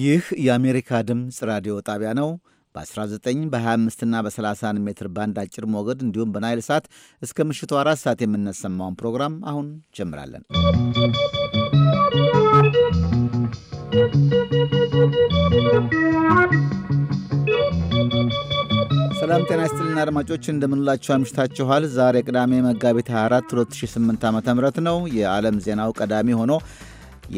ይህ የአሜሪካ ድምፅ ራዲዮ ጣቢያ ነው። በ19 በ25 እና በ31 ሜትር ባንድ አጭር ሞገድ እንዲሁም በናይል ሳት እስከ ምሽቱ አራት ሰዓት የምናሰማውን ፕሮግራም አሁን ጀምራለን። ¶¶ ሰላም ጤና ይስጥልን አድማጮች እንደምንላችሁ አምሽታችኋል። ዛሬ ቅዳሜ መጋቢት 24 2008 ዓ ም ነው። የዓለም ዜናው ቀዳሚ ሆኖ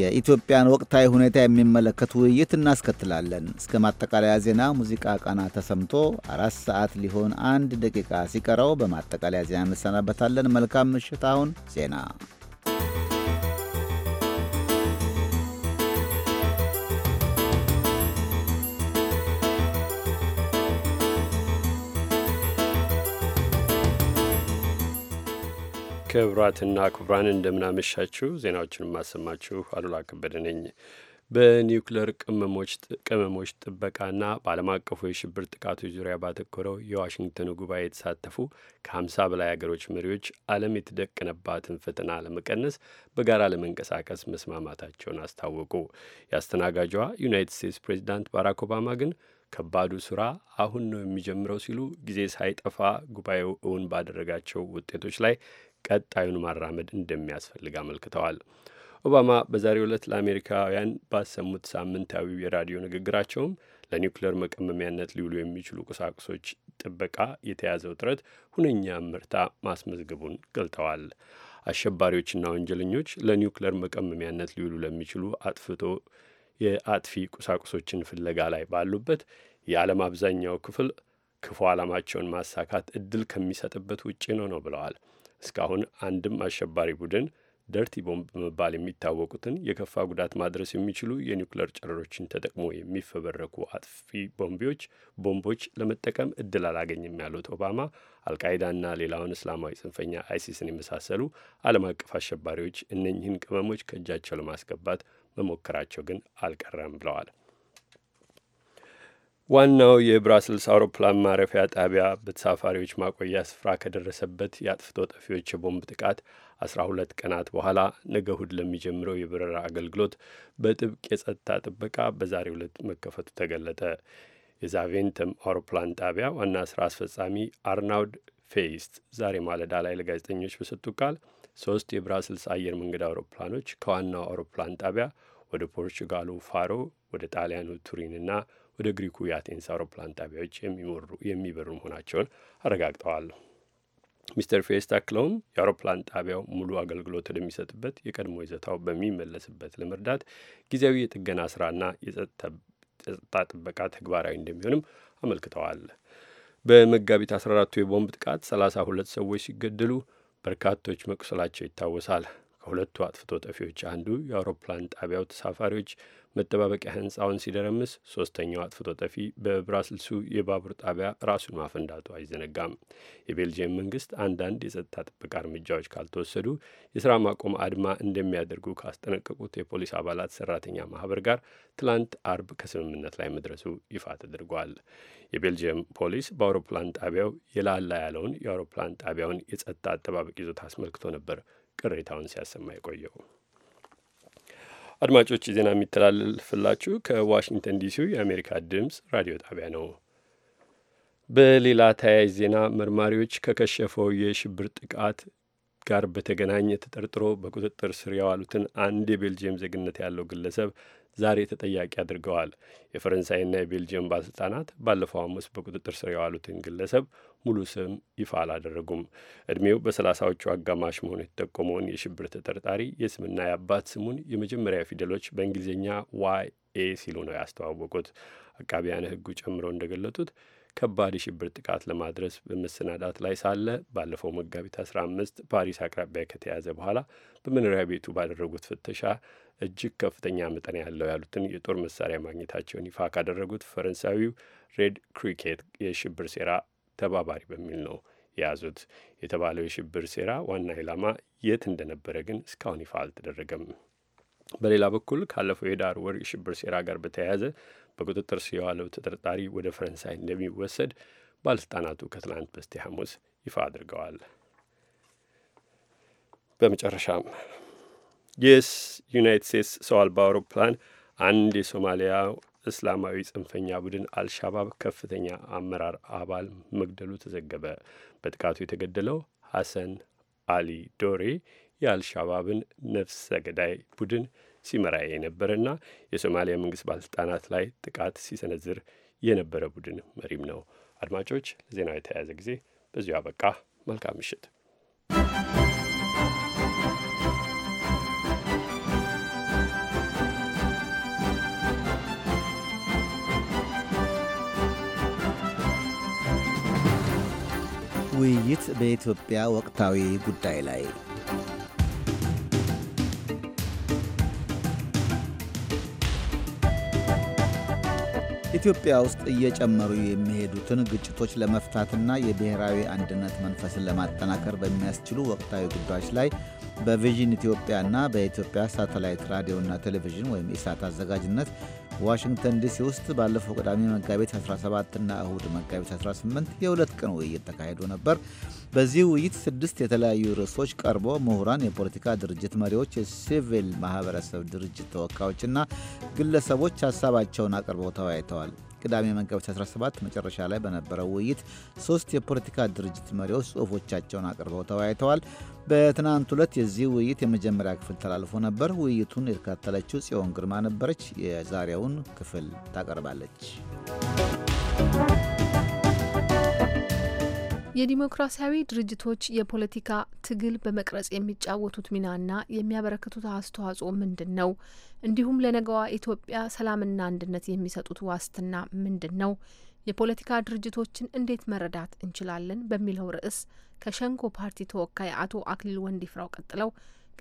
የኢትዮጵያን ወቅታዊ ሁኔታ የሚመለከት ውይይት እናስከትላለን። እስከ ማጠቃለያ ዜና ሙዚቃ ቃና ተሰምቶ አራት ሰዓት ሊሆን አንድ ደቂቃ ሲቀረው በማጠቃለያ ዜና እንሰናበታለን። መልካም ምሽት። አሁን ዜና ክብራትና ክቡራን እንደምናመሻችሁ ዜናዎችን የማሰማችሁ አሉላ ከበደ ነኝ። በኒውክሌር ቅመሞች ጥበቃና በዓለም አቀፉ የሽብር ጥቃቶች ዙሪያ ባተኮረው የዋሽንግተኑ ጉባኤ የተሳተፉ ከ በላይ አገሮች መሪዎች ዓለም የተደቀነባትን ፈተና ለመቀነስ በጋራ ለመንቀሳቀስ መስማማታቸውን አስታወቁ። የአስተናጋጇ ዩናይትድ ስቴትስ ፕሬዚዳንት ባራክ ኦባማ ግን ከባዱ ስራ አሁን ነው የሚጀምረው ሲሉ ጊዜ ሳይጠፋ ጉባኤው እውን ባደረጋቸው ውጤቶች ላይ ቀጣዩን ማራመድ እንደሚያስፈልግ አመልክተዋል። ኦባማ በዛሬው ዕለት ለአሜሪካውያን ባሰሙት ሳምንታዊ የራዲዮ ንግግራቸውም ለኒውክሌር መቀመሚያነት ሊውሉ የሚችሉ ቁሳቁሶች ጥበቃ የተያዘው ጥረት ሁነኛ ምርታ ማስመዝገቡን ገልጠዋል። አሸባሪዎችና ወንጀለኞች ለኒውክሌር መቀመሚያነት ሊውሉ ለሚችሉ አጥፍቶ የአጥፊ ቁሳቁሶችን ፍለጋ ላይ ባሉበት የዓለም አብዛኛው ክፍል ክፉ ዓላማቸውን ማሳካት እድል ከሚሰጥበት ውጪ ነው ነው ብለዋል። እስካሁን አንድም አሸባሪ ቡድን ደርቲ ቦምብ በመባል የሚታወቁትን የከፋ ጉዳት ማድረስ የሚችሉ የኒውክሌር ጨረሮችን ተጠቅሞ የሚፈበረኩ አጥፊ ቦምቢዎች ቦምቦች ለመጠቀም እድል አላገኝም ያሉት ኦባማ አልቃይዳና ሌላውን እስላማዊ ጽንፈኛ አይሲስን የመሳሰሉ ዓለም አቀፍ አሸባሪዎች እነኝህን ቅመሞች ከእጃቸው ለማስገባት መሞከራቸው ግን አልቀረም ብለዋል። ዋናው የብራስልስ አውሮፕላን ማረፊያ ጣቢያ በተሳፋሪዎች ማቆያ ስፍራ ከደረሰበት የአጥፍቶ ጠፊዎች የቦምብ ጥቃት 12 ቀናት በኋላ ነገ እሁድ ለሚጀምረው የበረራ አገልግሎት በጥብቅ የጸጥታ ጥበቃ በዛሬው ዕለት መከፈቱ ተገለጠ። የዛቬንተም አውሮፕላን ጣቢያ ዋና ስራ አስፈጻሚ አርናውድ ፌይስት ዛሬ ማለዳ ላይ ለጋዜጠኞች በሰጡ ቃል ሶስት የብራስልስ አየር መንገድ አውሮፕላኖች ከዋናው አውሮፕላን ጣቢያ ወደ ፖርቹጋሉ ፋሮ፣ ወደ ጣሊያኑ ቱሪንና ወደ ግሪኩ የአቴንስ አውሮፕላን ጣቢያዎች የሚበሩ መሆናቸውን አረጋግጠዋል። ሚስተር ፌስ ታክለውም የአውሮፕላን ጣቢያው ሙሉ አገልግሎት ወደሚሰጥበት የቀድሞ ይዘታው በሚመለስበት ለመርዳት ጊዜያዊ የጥገና ስራና የጸጥታ ጥበቃ ተግባራዊ እንደሚሆንም አመልክተዋል። በመጋቢት 14ቱ የቦምብ ጥቃት 32 ሰዎች ሲገደሉ በርካቶች መቁሰላቸው ይታወሳል። ከሁለቱ አጥፍቶ ጠፊዎች አንዱ የአውሮፕላን ጣቢያው ተሳፋሪዎች መጠባበቂያ ሕንፃውን ሲደረምስ፣ ሶስተኛው አጥፍቶ ጠፊ በብራስልሱ የባቡር ጣቢያ ራሱን ማፈንዳቱ አይዘነጋም። የቤልጅየም መንግስት አንዳንድ የጸጥታ ጥበቃ እርምጃዎች ካልተወሰዱ የስራ ማቆም አድማ እንደሚያደርጉ ካስጠነቀቁት የፖሊስ አባላት ሰራተኛ ማህበር ጋር ትላንት አርብ ከስምምነት ላይ መድረሱ ይፋ ተደርጓል። የቤልጅየም ፖሊስ በአውሮፕላን ጣቢያው የላላ ያለውን የአውሮፕላን ጣቢያውን የጸጥታ አጠባበቅ ይዞታ አስመልክቶ ነበር ቅሬታውን ሲያሰማ የቆየው። አድማጮች ዜና የሚተላለፍላችሁ ከዋሽንግተን ዲሲው የአሜሪካ ድምፅ ራዲዮ ጣቢያ ነው። በሌላ ተያያዥ ዜና መርማሪዎች ከከሸፈው የሽብር ጥቃት ጋር በተገናኘ ተጠርጥሮ በቁጥጥር ስር የዋሉትን አንድ የቤልጅየም ዜግነት ያለው ግለሰብ ዛሬ ተጠያቂ አድርገዋል። የፈረንሳይና የቤልጅየም ባለሥልጣናት ባለፈው ሐሙስ በቁጥጥር ስር የዋሉትን ግለሰብ ሙሉ ስም ይፋ አላደረጉም። እድሜው በሰላሳዎቹ አጋማሽ መሆኑ የተጠቆመውን የሽብር ተጠርጣሪ የስምና የአባት ስሙን የመጀመሪያ ፊደሎች በእንግሊዝኛ ዋይ ኤ ሲሉ ነው ያስተዋወቁት። አቃቢያን ሕጉ ጨምረው እንደገለጡት ከባድ የሽብር ጥቃት ለማድረስ በመሰናዳት ላይ ሳለ ባለፈው መጋቢት 15 ፓሪስ አቅራቢያ ከተያዘ በኋላ በመኖሪያ ቤቱ ባደረጉት ፍተሻ እጅግ ከፍተኛ መጠን ያለው ያሉትን የጦር መሳሪያ ማግኘታቸውን ይፋ ካደረጉት ፈረንሳዊው ሬድ ክሪኬት የሽብር ሴራ ተባባሪ በሚል ነው የያዙት። የተባለው የሽብር ሴራ ዋና ኢላማ የት እንደነበረ ግን እስካሁን ይፋ አልተደረገም። በሌላ በኩል ካለፈው የዳር ወር የሽብር ሴራ ጋር በተያያዘ በቁጥጥር ስር የዋለው ተጠርጣሪ ወደ ፈረንሳይ እንደሚወሰድ ባለስልጣናቱ ከትናንት በስቲያ ሐሙስ ይፋ አድርገዋል። በመጨረሻም የስ ዩናይትድ ስቴትስ ሰው አልባ አውሮፕላን አንድ የሶማሊያ እስላማዊ ጽንፈኛ ቡድን አልሻባብ ከፍተኛ አመራር አባል መግደሉ ተዘገበ። በጥቃቱ የተገደለው ሐሰን አሊ ዶሬ የአልሻባብን ነፍሰ ገዳይ ቡድን ሲመራ የነበረና የሶማሊያ መንግስት ባለስልጣናት ላይ ጥቃት ሲሰነዝር የነበረ ቡድን መሪም ነው። አድማጮች፣ ለዜናው የተያያዘ ጊዜ በዚሁ አበቃ። መልካም ምሽት። ውይይት በኢትዮጵያ ወቅታዊ ጉዳይ ላይ ኢትዮጵያ ውስጥ እየጨመሩ የሚሄዱትን ግጭቶች ለመፍታትና የብሔራዊ አንድነት መንፈስን ለማጠናከር በሚያስችሉ ወቅታዊ ጉዳዮች ላይ በቪዥን ኢትዮጵያና በኢትዮጵያ ሳተላይት ራዲዮና ቴሌቪዥን ወይም ኢሳት አዘጋጅነት ዋሽንግተን ዲሲ ውስጥ ባለፈው ቅዳሜ መጋቢት 17 እና እሁድ መጋቢት 18 የሁለት ቀን ውይይት ተካሂዶ ነበር። በዚህ ውይይት ስድስት የተለያዩ ርዕሶች ቀርቦ ምሁራን፣ የፖለቲካ ድርጅት መሪዎች፣ የሲቪል ማህበረሰብ ድርጅት ተወካዮችና ግለሰቦች ሀሳባቸውን አቅርበው ተወያይተዋል። ቅዳሜ መጋቢት 17 መጨረሻ ላይ በነበረው ውይይት ሶስት የፖለቲካ ድርጅት መሪዎች ጽሁፎቻቸውን አቅርበው ተወያይተዋል። በትናንት ሁለት የዚህ ውይይት የመጀመሪያ ክፍል ተላልፎ ነበር። ውይይቱን የተካተለችው ጽዮን ግርማ ነበረች። የዛሬውን ክፍል ታቀርባለች። የዲሞክራሲያዊ ድርጅቶች የፖለቲካ ትግል በመቅረጽ የሚጫወቱት ሚናና የሚያበረክቱት አስተዋጽኦ ምንድን ነው? እንዲሁም ለነገዋ ኢትዮጵያ ሰላምና አንድነት የሚሰጡት ዋስትና ምንድን ነው? የፖለቲካ ድርጅቶችን እንዴት መረዳት እንችላለን? በሚለው ርዕስ ከሸንኮ ፓርቲ ተወካይ አቶ አክሊል ወንዲፍራው ቀጥለው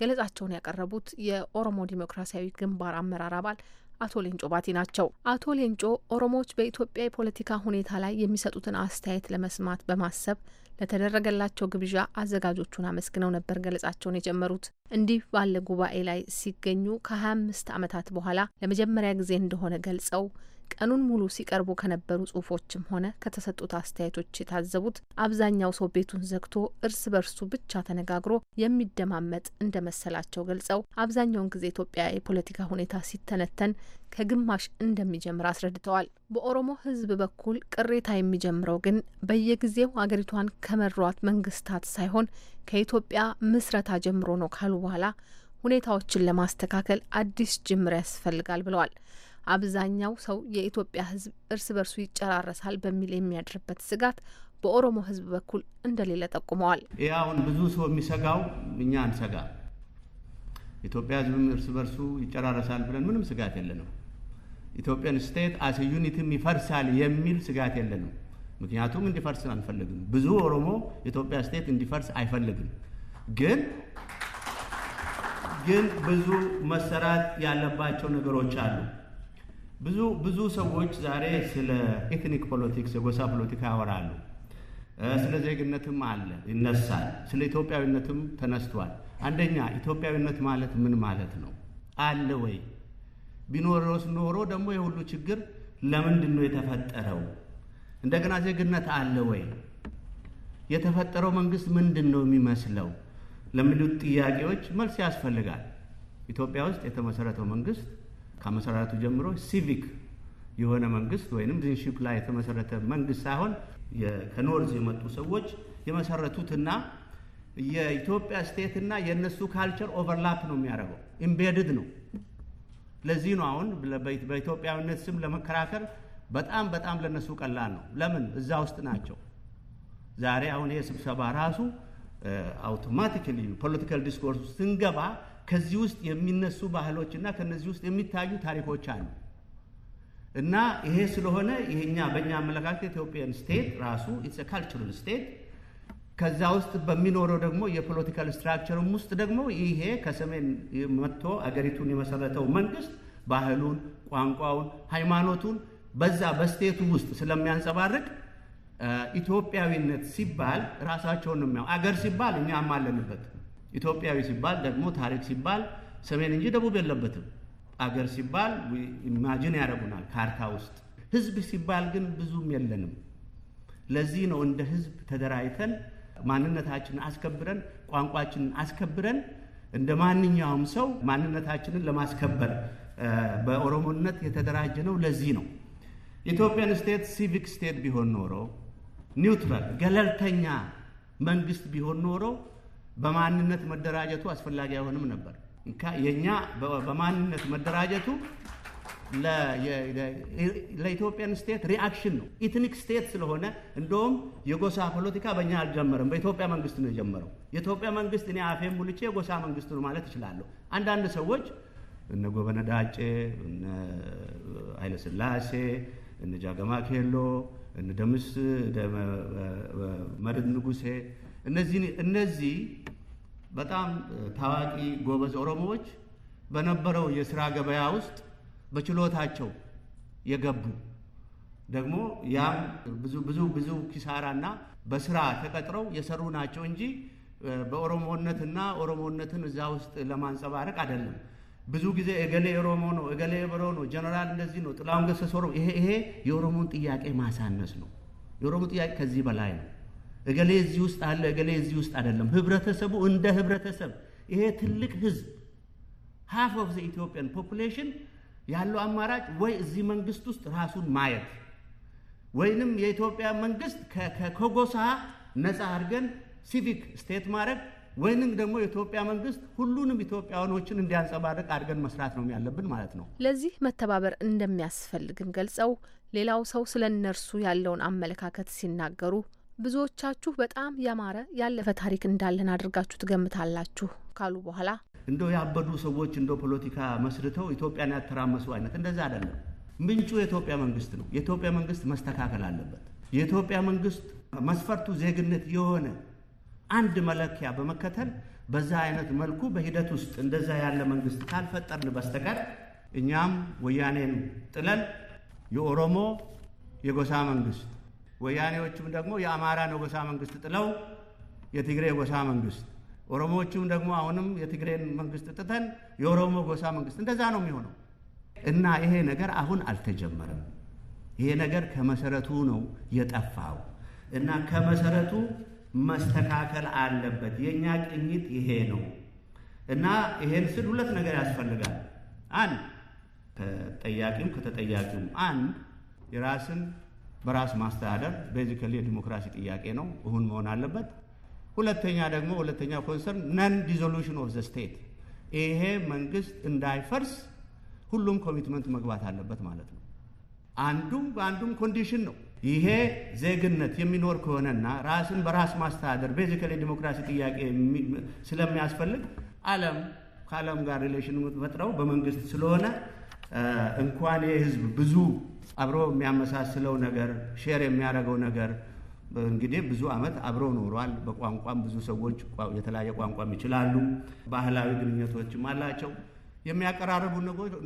ገለጻቸውን ያቀረቡት የኦሮሞ ዲሞክራሲያዊ ግንባር አመራር አባል አቶ ሌንጮ ባቲ ናቸው። አቶ ሌንጮ ኦሮሞዎች በኢትዮጵያ የፖለቲካ ሁኔታ ላይ የሚሰጡትን አስተያየት ለመስማት በማሰብ ለተደረገላቸው ግብዣ አዘጋጆቹን አመስግነው ነበር ገለጻቸውን የጀመሩት። እንዲህ ባለ ጉባኤ ላይ ሲገኙ ከ አምስት ዓመታት በኋላ ለመጀመሪያ ጊዜ እንደሆነ ገልጸው ቀኑን ሙሉ ሲቀርቡ ከነበሩ ጽሁፎችም ሆነ ከተሰጡት አስተያየቶች የታዘቡት አብዛኛው ሰው ቤቱን ዘግቶ እርስ በርሱ ብቻ ተነጋግሮ የሚደማመጥ እንደ መሰላቸው ገልጸው አብዛኛውን ጊዜ ኢትዮጵያ የፖለቲካ ሁኔታ ሲተነተን ከግማሽ እንደሚጀምር አስረድተዋል። በኦሮሞ ሕዝብ በኩል ቅሬታ የሚጀምረው ግን በየጊዜው አገሪቷን ከመሯት መንግስታት ሳይሆን ከኢትዮጵያ ምስረታ ጀምሮ ነው ካሉ በኋላ ሁኔታዎችን ለማስተካከል አዲስ ጅምር ያስፈልጋል ብለዋል። አብዛኛው ሰው የኢትዮጵያ ሕዝብ እርስ በርሱ ይጨራረሳል በሚል የሚያድርበት ስጋት በኦሮሞ ሕዝብ በኩል እንደሌለ ጠቁመዋል። ይህ አሁን ብዙ ሰው የሚሰጋው እኛ አንሰጋ። ኢትዮጵያ ሕዝብም እርስ በርሱ ይጨራረሳል ብለን ምንም ስጋት የለንም። ኢትዮጵያን ስቴት አስ ዩኒትም ይፈርሳል የሚል ስጋት የለንም። ምክንያቱም እንዲፈርስ አንፈልግም። ብዙ ኦሮሞ ኢትዮጵያ ስቴት እንዲፈርስ አይፈልግም። ግን ግን ብዙ መሰራት ያለባቸው ነገሮች አሉ። ብዙ ብዙ ሰዎች ዛሬ ስለ ኤትኒክ ፖለቲክስ የጎሳ ፖለቲካ ያወራሉ። ስለ ዜግነትም አለ ይነሳል። ስለ ኢትዮጵያዊነትም ተነስቷል። አንደኛ ኢትዮጵያዊነት ማለት ምን ማለት ነው? አለ ወይ? ቢኖረስ ኖሮ ደግሞ የሁሉ ችግር ለምንድን ነው የተፈጠረው? እንደገና ዜግነት አለ ወይ? የተፈጠረው መንግስት ምንድን ነው የሚመስለው? ለሚሉት ጥያቄዎች መልስ ያስፈልጋል። ኢትዮጵያ ውስጥ የተመሰረተው መንግስት ከመሰረቱ ጀምሮ ሲቪክ የሆነ መንግስት ወይም ዚንሽፕ ላይ የተመሰረተ መንግስት ሳይሆን ከኖርዝ የመጡ ሰዎች የመሰረቱትና የኢትዮጵያ ስቴትና የእነሱ ካልቸር ኦቨርላፕ ነው የሚያደርገው፣ ኢምቤድድ ነው። ለዚህ ነው አሁን በኢትዮጵያዊነት ስም ለመከራከር በጣም በጣም ለነሱ ቀላል ነው። ለምን እዛ ውስጥ ናቸው። ዛሬ አሁን ይሄ ስብሰባ ራሱ አውቶማቲካሊ ፖለቲካል ዲስኮርስ ስንገባ ከዚህ ውስጥ የሚነሱ ባህሎች እና ከነዚህ ውስጥ የሚታዩ ታሪኮች አሉ እና ይሄ ስለሆነ ይሄኛ በእኛ አመለካከት ኢትዮጵያን ስቴት ራሱ ኢትስ ካልቸራል ስቴት ከዛ ውስጥ በሚኖረው ደግሞ የፖለቲካል ስትራክቸርም ውስጥ ደግሞ ይሄ ከሰሜን መጥቶ አገሪቱን የመሰረተው መንግስት ባህሉን፣ ቋንቋውን፣ ሃይማኖቱን በዛ በስቴቱ ውስጥ ስለሚያንጸባርቅ ኢትዮጵያዊነት ሲባል ራሳቸውን ነው የሚያው አገር ሲባል እኛ አማለንበት ኢትዮጵያዊ ሲባል ደግሞ ታሪክ ሲባል ሰሜን እንጂ ደቡብ የለበትም። አገር ሲባል ኢማጂን ያደረጉናል ካርታ ውስጥ። ህዝብ ሲባል ግን ብዙም የለንም። ለዚህ ነው እንደ ህዝብ ተደራጅተን ማንነታችንን አስከብረን ቋንቋችንን አስከብረን እንደ ማንኛውም ሰው ማንነታችንን ለማስከበር በኦሮሞነት የተደራጀ ነው። ለዚህ ነው ኢትዮጵያን ስቴት ሲቪክ ስቴት ቢሆን ኖሮ ኒውትራል ገለልተኛ መንግስት ቢሆን ኖሮ በማንነት መደራጀቱ አስፈላጊ አይሆንም ነበር። የእኛ በማንነት መደራጀቱ ለኢትዮጵያን ስቴት ሪአክሽን ነው። ኢትኒክ ስቴት ስለሆነ እንደውም የጎሳ ፖለቲካ በእኛ አልጀመረም፣ በኢትዮጵያ መንግስት ነው የጀመረው። የኢትዮጵያ መንግስት እኔ አፌም ሙልቼ የጎሳ መንግስት ነው ማለት እችላለሁ። አንዳንድ ሰዎች እነ ጎበነ ዳጬ፣ እነ ኃይለስላሴ፣ እነ ጃገማ ኬሎ፣ እነ ደምስ መርዕድ ንጉሴ እነዚህ እነዚህ በጣም ታዋቂ ጎበዝ ኦሮሞዎች በነበረው የስራ ገበያ ውስጥ በችሎታቸው የገቡ ደግሞ ያም ብዙ ብዙ ብዙ ኪሳራና በስራ ተቀጥረው የሰሩ ናቸው እንጂ በኦሮሞነትና ኦሮሞነትን እዛ ውስጥ ለማንጸባረቅ አይደለም። ብዙ ጊዜ እገሌ ኦሮሞ ነው፣ እገሌ ብሮ ነው፣ ጀነራል እንደዚህ ነው፣ ጥላሁን ገሰሰ ኦሮሞ። ይሄ የኦሮሞን ጥያቄ ማሳነስ ነው። የኦሮሞ ጥያቄ ከዚህ በላይ ነው። እገሌ እዚህ ውስጥ አለ፣ እገሌ እዚህ ውስጥ አይደለም። ህብረተሰቡ እንደ ህብረተሰብ ይሄ ትልቅ ህዝብ ሃፍ ኦፍ ዘ ኢትዮጵያን ፖፑሌሽን ያለው አማራጭ ወይ እዚህ መንግስት ውስጥ ራሱን ማየት ወይንም የኢትዮጵያ መንግስት ከጎሳ ነፃ አድርገን ሲቪክ ስቴት ማድረግ ወይንም ደግሞ የኢትዮጵያ መንግስት ሁሉንም ኢትዮጵያውያኖችን እንዲያንጸባርቅ አድርገን መስራት ነው ያለብን ማለት ነው። ለዚህ መተባበር እንደሚያስፈልግም ገልጸው ሌላው ሰው ስለ እነርሱ ያለውን አመለካከት ሲናገሩ ብዙዎቻችሁ በጣም ያማረ ያለፈ ታሪክ እንዳለን አድርጋችሁ ትገምታላችሁ ካሉ በኋላ እንደው ያበዱ ሰዎች እንደው ፖለቲካ መስርተው ኢትዮጵያን ያተራመሱ አይነት እንደዛ አይደለም። ምንጩ የኢትዮጵያ መንግስት ነው። የኢትዮጵያ መንግስት መስተካከል አለበት። የኢትዮጵያ መንግስት መስፈርቱ ዜግነት የሆነ አንድ መለኪያ በመከተል በዛ አይነት መልኩ በሂደት ውስጥ እንደዛ ያለ መንግስት ካልፈጠርን በስተቀር እኛም ወያኔን ጥለን የኦሮሞ የጎሳ መንግስት ወያኔዎቹም ደግሞ የአማራን የጎሳ መንግስት ጥለው የትግሬ የጎሳ መንግስት፣ ኦሮሞዎቹም ደግሞ አሁንም የትግሬን መንግስት ጥተን የኦሮሞ ጎሳ መንግስት፣ እንደዛ ነው የሚሆነው እና ይሄ ነገር አሁን አልተጀመረም። ይሄ ነገር ከመሰረቱ ነው የጠፋው እና ከመሰረቱ መስተካከል አለበት። የእኛ ቅኝት ይሄ ነው እና ይሄን ስል ሁለት ነገር ያስፈልጋል። አንድ ከጠያቂም ከተጠያቂም አንድ የራስን በራስ ማስተዳደር ቤዚካሊ የዲሞክራሲ ጥያቄ ነው፣ እሁን መሆን አለበት። ሁለተኛ ደግሞ ሁለተኛ ኮንሰርን ነን ዲዞሉሽን ኦፍ ዘ ስቴት፣ ይሄ መንግስት እንዳይፈርስ ሁሉም ኮሚትመንት መግባት አለበት ማለት ነው። አንዱም በአንዱም ኮንዲሽን ነው። ይሄ ዜግነት የሚኖር ከሆነና ራስን በራስ ማስተዳደር ቤዚካሊ ዲሞክራሲ ጥያቄ ስለሚያስፈልግ ዓለም ከዓለም ጋር ሪሌሽን ፈጥረው በመንግስት ስለሆነ እንኳን የህዝብ ብዙ አብሮ የሚያመሳስለው ነገር ሼር የሚያደርገው ነገር እንግዲህ ብዙ ዓመት አብሮ ኖሯል። በቋንቋም ብዙ ሰዎች የተለያየ ቋንቋም ይችላሉ። ባህላዊ ግንኙነቶችም አላቸው። የሚያቀራርቡ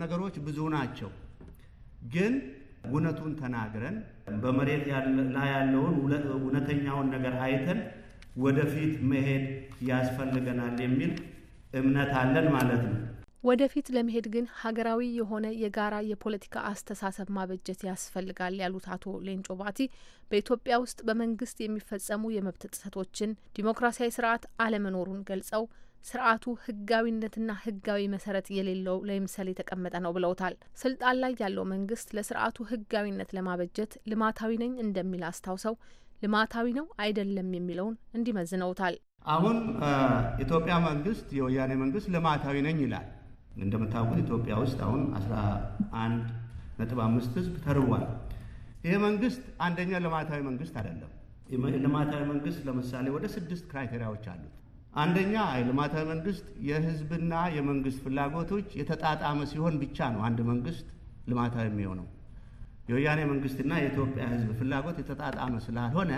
ነገሮች ብዙ ናቸው። ግን እውነቱን ተናግረን በመሬት ላይ ያለውን እውነተኛውን ነገር አይተን ወደፊት መሄድ ያስፈልገናል የሚል እምነት አለን ማለት ነው። ወደፊት ለመሄድ ግን ሀገራዊ የሆነ የጋራ የፖለቲካ አስተሳሰብ ማበጀት ያስፈልጋል ያሉት አቶ ሌንጮ ባቲ በኢትዮጵያ ውስጥ በመንግስት የሚፈጸሙ የመብት ጥሰቶችን ዲሞክራሲያዊ ስርዓት አለመኖሩን ገልጸው ስርዓቱ ህጋዊነትና ህጋዊ መሰረት የሌለው ለምሳሌ የተቀመጠ ነው ብለውታል። ስልጣን ላይ ያለው መንግስት ለስርዓቱ ህጋዊነት ለማበጀት ልማታዊ ነኝ እንደሚል አስታውሰው ልማታዊ ነው አይደለም የሚለውን እንዲመዝነውታል። አሁን ኢትዮጵያ መንግስት የወያኔ መንግስት ልማታዊ ነኝ ይላል እንደምታውቁት ኢትዮጵያ ውስጥ አሁን 11 ነጥብ አምስት ህዝብ ተርቧል። ይሄ መንግስት አንደኛ ልማታዊ መንግስት አይደለም። ልማታዊ መንግስት ለምሳሌ ወደ ስድስት ክራይቴሪያዎች አሉት። አንደኛ ልማታዊ መንግስት የህዝብና የመንግስት ፍላጎቶች የተጣጣመ ሲሆን ብቻ ነው አንድ መንግስት ልማታዊ የሚሆነው። የወያኔ መንግስትና የኢትዮጵያ ህዝብ ፍላጎት የተጣጣመ ስላልሆነ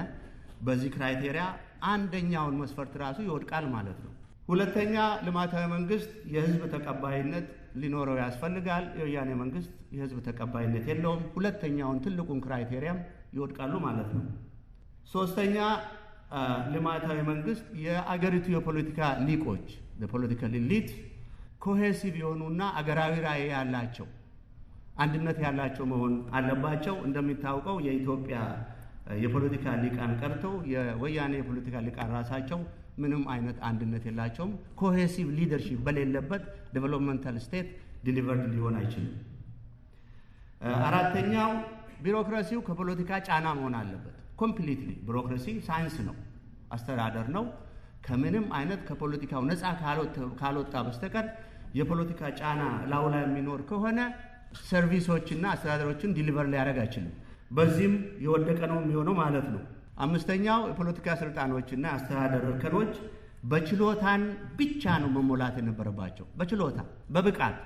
በዚህ ክራይቴሪያ አንደኛውን መስፈርት ራሱ ይወድቃል ማለት ነው። ሁለተኛ ልማታዊ መንግስት የህዝብ ተቀባይነት ሊኖረው ያስፈልጋል። የወያኔ መንግስት የህዝብ ተቀባይነት የለውም። ሁለተኛውን ትልቁን ክራይቴሪያም ይወድቃሉ ማለት ነው። ሶስተኛ ልማታዊ መንግስት የአገሪቱ የፖለቲካ ሊቆች ፖለቲካል ኢሊት ኮሄሲቭ የሆኑና አገራዊ ራዕይ ያላቸው አንድነት ያላቸው መሆን አለባቸው። እንደሚታወቀው የኢትዮጵያ የፖለቲካ ሊቃን ቀርተው የወያኔ የፖለቲካ ሊቃን ራሳቸው ምንም አይነት አንድነት የላቸውም። ኮሄሲቭ ሊደርሺፕ በሌለበት ዴቨሎፕመንታል ስቴት ዲሊቨርድ ሊሆን አይችልም። አራተኛው ቢሮክራሲው ከፖለቲካ ጫና መሆን አለበት። ኮምፕሊትሊ ቢሮክራሲ ሳይንስ ነው፣ አስተዳደር ነው። ከምንም አይነት ከፖለቲካው ነፃ ካልወጣ በስተቀር የፖለቲካ ጫና ላዩ ላይ የሚኖር ከሆነ ሰርቪሶችና አስተዳደሮችን ዲሊቨር ሊያደርግ አይችልም። በዚህም የወደቀ ነው የሚሆነው ማለት ነው። አምስተኛው የፖለቲካ ስልጣኖችና አስተዳደር እርከኖች በችሎታን ብቻ ነው መሞላት የነበረባቸው። በችሎታ በብቃት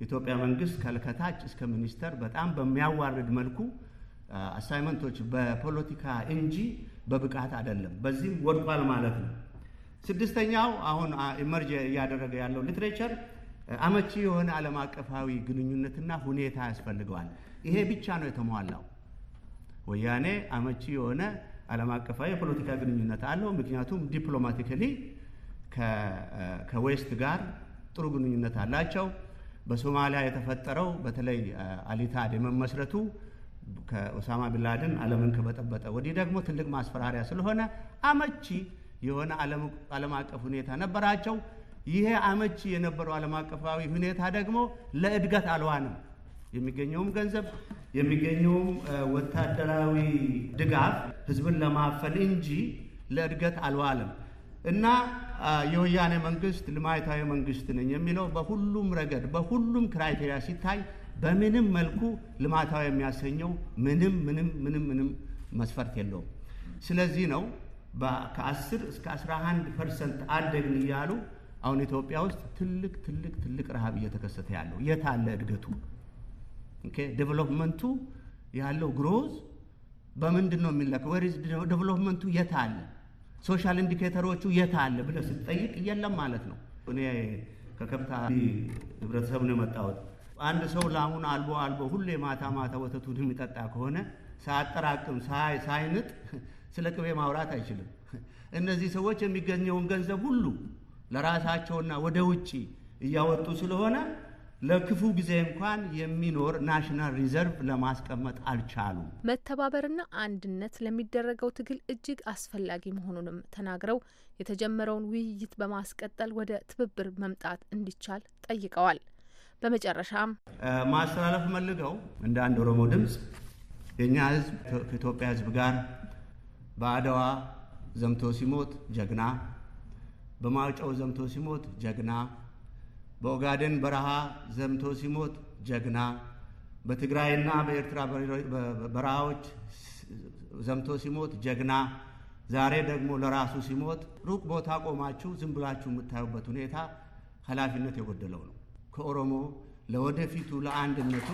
የኢትዮጵያ መንግስት ከልከታች እስከ ሚኒስተር በጣም በሚያዋርድ መልኩ አሳይመንቶች በፖለቲካ እንጂ በብቃት አይደለም። በዚህም ወድቋል ማለት ነው። ስድስተኛው አሁን ኢመርጅ እያደረገ ያለው ሊትሬቸር አመቺ የሆነ ዓለም አቀፋዊ ግንኙነትና ሁኔታ ያስፈልገዋል። ይሄ ብቻ ነው የተሟላው። ወያኔ አመቺ የሆነ ዓለም አቀፋዊ የፖለቲካ ግንኙነት አለው። ምክንያቱም ዲፕሎማቲካሊ ከዌስት ጋር ጥሩ ግንኙነት አላቸው። በሶማሊያ የተፈጠረው በተለይ አሊታድ የመመስረቱ ከኦሳማ ቢንላደን ዓለምን ከበጠበጠ ወዲህ ደግሞ ትልቅ ማስፈራሪያ ስለሆነ አመቺ የሆነ ዓለም አቀፍ ሁኔታ ነበራቸው። ይሄ አመቺ የነበረው ዓለም አቀፋዊ ሁኔታ ደግሞ ለእድገት አልዋንም። የሚገኘውም ገንዘብ የሚገኘውም ወታደራዊ ድጋፍ ህዝብን ለማፈል እንጂ ለእድገት አልዋለም እና የወያኔ መንግስት ልማታዊ መንግስት ነኝ የሚለው በሁሉም ረገድ በሁሉም ክራይቴሪያ ሲታይ በምንም መልኩ ልማታዊ የሚያሰኘው ምንም ምንም ምንም ምንም መስፈርት የለውም። ስለዚህ ነው ከ10 እስከ 11 ፐርሰንት አደግን እያሉ አሁን ኢትዮጵያ ውስጥ ትልቅ ትልቅ ትልቅ ረሃብ እየተከሰተ ያለው። የት አለ እድገቱ? ዴቨሎፕመንቱ ያለው ግሮዝ በምንድን ነው የሚለካ? ወር ዴቨሎፕመንቱ የት አለ? ሶሻል ኢንዲኬተሮቹ የት አለ ብለ ስትጠይቅ የለም ማለት ነው። እኔ ከከብታ ህብረተሰብ ነው የመጣሁት። አንድ ሰው ላሙን አልቦ አልቦ ሁሌ ማታ ማታ ወተቱን የሚጠጣ ከሆነ ሳያጠራቅም ሳይንጥ ስለ ቅቤ ማውራት አይችልም። እነዚህ ሰዎች የሚገኘውን ገንዘብ ሁሉ ለራሳቸውና ወደ ውጭ እያወጡ ስለሆነ ለክፉ ጊዜ እንኳን የሚኖር ናሽናል ሪዘርቭ ለማስቀመጥ አልቻሉም። መተባበርና አንድነት ለሚደረገው ትግል እጅግ አስፈላጊ መሆኑንም ተናግረው የተጀመረውን ውይይት በማስቀጠል ወደ ትብብር መምጣት እንዲቻል ጠይቀዋል። በመጨረሻም ማስተላለፍ መልገው እንደ አንድ ኦሮሞ ድምፅ የእኛ ህዝብ ከኢትዮጵያ ህዝብ ጋር በአድዋ ዘምቶ ሲሞት ጀግና፣ በማውጫው ዘምቶ ሲሞት ጀግና በኦጋዴን በረሃ ዘምቶ ሲሞት ጀግና፣ በትግራይና በኤርትራ በረሃዎች ዘምቶ ሲሞት ጀግና፣ ዛሬ ደግሞ ለራሱ ሲሞት ሩቅ ቦታ ቆማችሁ ዝም ብላችሁ የምታዩበት ሁኔታ ኃላፊነት የጎደለው ነው። ከኦሮሞ ለወደፊቱ ለአንድነቱ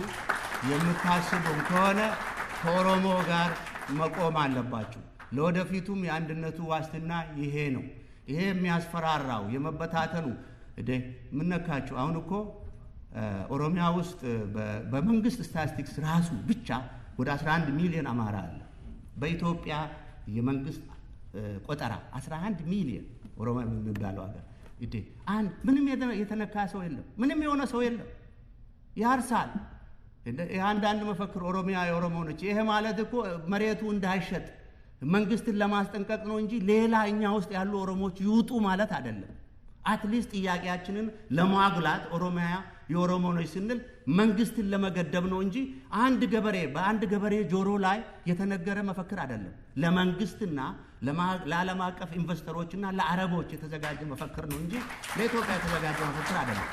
የምታስቡም ከሆነ ከኦሮሞ ጋር መቆም አለባችሁ። ለወደፊቱም የአንድነቱ ዋስትና ይሄ ነው። ይሄ የሚያስፈራራው የመበታተኑ እዴ ምነካችሁ አሁን እኮ ኦሮሚያ ውስጥ በመንግስት ስታቲስቲክስ ራሱ ብቻ ወደ 11 ሚሊዮን አማራ አለ። በኢትዮጵያ የመንግስት ቆጠራ 11 ሚሊዮን ኦሮሚያ የሚባለው ሀገር እዴ አንድ ምንም የተነካ ሰው የለም። ምንም የሆነ ሰው የለም። ያርሳል። አንዳንድ መፈክር ኦሮሚያ የኦሮሞ ነች። ይሄ ማለት እኮ መሬቱ እንዳይሸጥ መንግስትን ለማስጠንቀቅ ነው እንጂ ሌላ እኛ ውስጥ ያሉ ኦሮሞዎች ይውጡ ማለት አይደለም። አትሊስት ጥያቄያችንን ለማጉላት ኦሮሚያ የኦሮሞ ነች ስንል መንግስትን ለመገደብ ነው እንጂ አንድ ገበሬ በአንድ ገበሬ ጆሮ ላይ የተነገረ መፈክር አይደለም። ለመንግስትና ለዓለም አቀፍ ኢንቨስተሮችና ለአረቦች የተዘጋጀ መፈክር ነው እንጂ ለኢትዮጵያ የተዘጋጀ መፈክር አይደለም።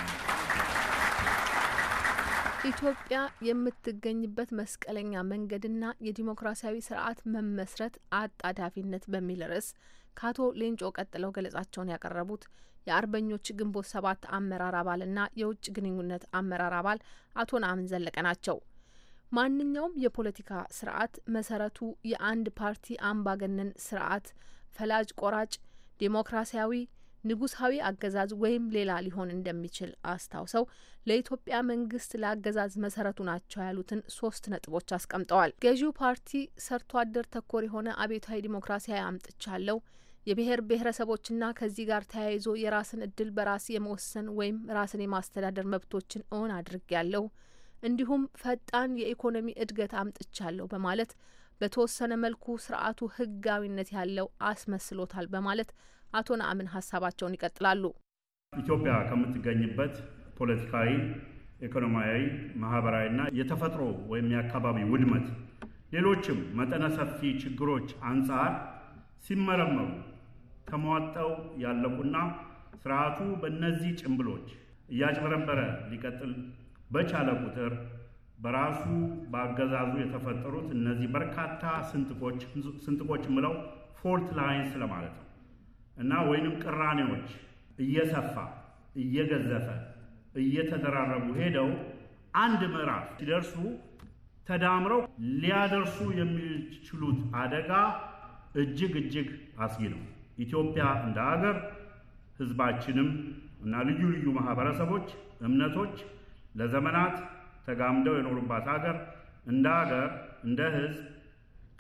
ኢትዮጵያ የምትገኝበት መስቀለኛ መንገድና የዲሞክራሲያዊ ስርዓት መመስረት አጣዳፊነት በሚል ርዕስ ከአቶ ሌንጮ ቀጥለው ገለጻቸውን ያቀረቡት የአርበኞች ግንቦት ሰባት አመራር አባልና የውጭ ግንኙነት አመራር አባል አቶ ነአምን ዘለቀ ናቸው። ማንኛውም የፖለቲካ ስርዓት መሰረቱ የአንድ ፓርቲ አምባገነን ስርዓት ፈላጅ ቆራጭ ዴሞክራሲያዊ ንጉሳዊ አገዛዝ ወይም ሌላ ሊሆን እንደሚችል አስታውሰው ለኢትዮጵያ መንግስት ለአገዛዝ መሰረቱ ናቸው ያሉትን ሶስት ነጥቦች አስቀምጠዋል። ገዢው ፓርቲ ሰርቶ አደር ተኮር የሆነ አቤታዊ ዲሞክራሲያዊ አምጥቻለሁ የብሔር ብሔረሰቦችና ከዚህ ጋር ተያይዞ የራስን እድል በራስ የመወሰን ወይም ራስን የማስተዳደር መብቶችን እውን አድርጌያለሁ እንዲሁም ፈጣን የኢኮኖሚ እድገት አምጥቻለሁ በማለት በተወሰነ መልኩ ስርዓቱ ህጋዊነት ያለው አስመስሎታል በማለት አቶ ነአምን ሀሳባቸውን ይቀጥላሉ። ኢትዮጵያ ከምትገኝበት ፖለቲካዊ፣ ኢኮኖሚያዊ፣ ማህበራዊና የተፈጥሮ ወይም የአካባቢ ውድመት ሌሎችም መጠነ ሰፊ ችግሮች አንጻር ሲመረመሩ ተሟጠው ያለቁና ስርዓቱ በእነዚህ ጭምብሎች እያጭበረበረ ሊቀጥል በቻለ ቁጥር በራሱ በአገዛዙ የተፈጠሩት እነዚህ በርካታ ስንጥቆች ምለው ፎልት ላይንስ ለማለት ነው እና ወይንም ቅራኔዎች እየሰፋ እየገዘፈ እየተደራረቡ ሄደው አንድ ምዕራፍ ሲደርሱ ተዳምረው ሊያደርሱ የሚችሉት አደጋ እጅግ እጅግ አስጊ ነው። ኢትዮጵያ እንደ ሀገር ህዝባችንም እና ልዩ ልዩ ማህበረሰቦች፣ እምነቶች ለዘመናት ተጋምደው የኖሩባት ሀገር እንደ ሀገር እንደ ህዝብ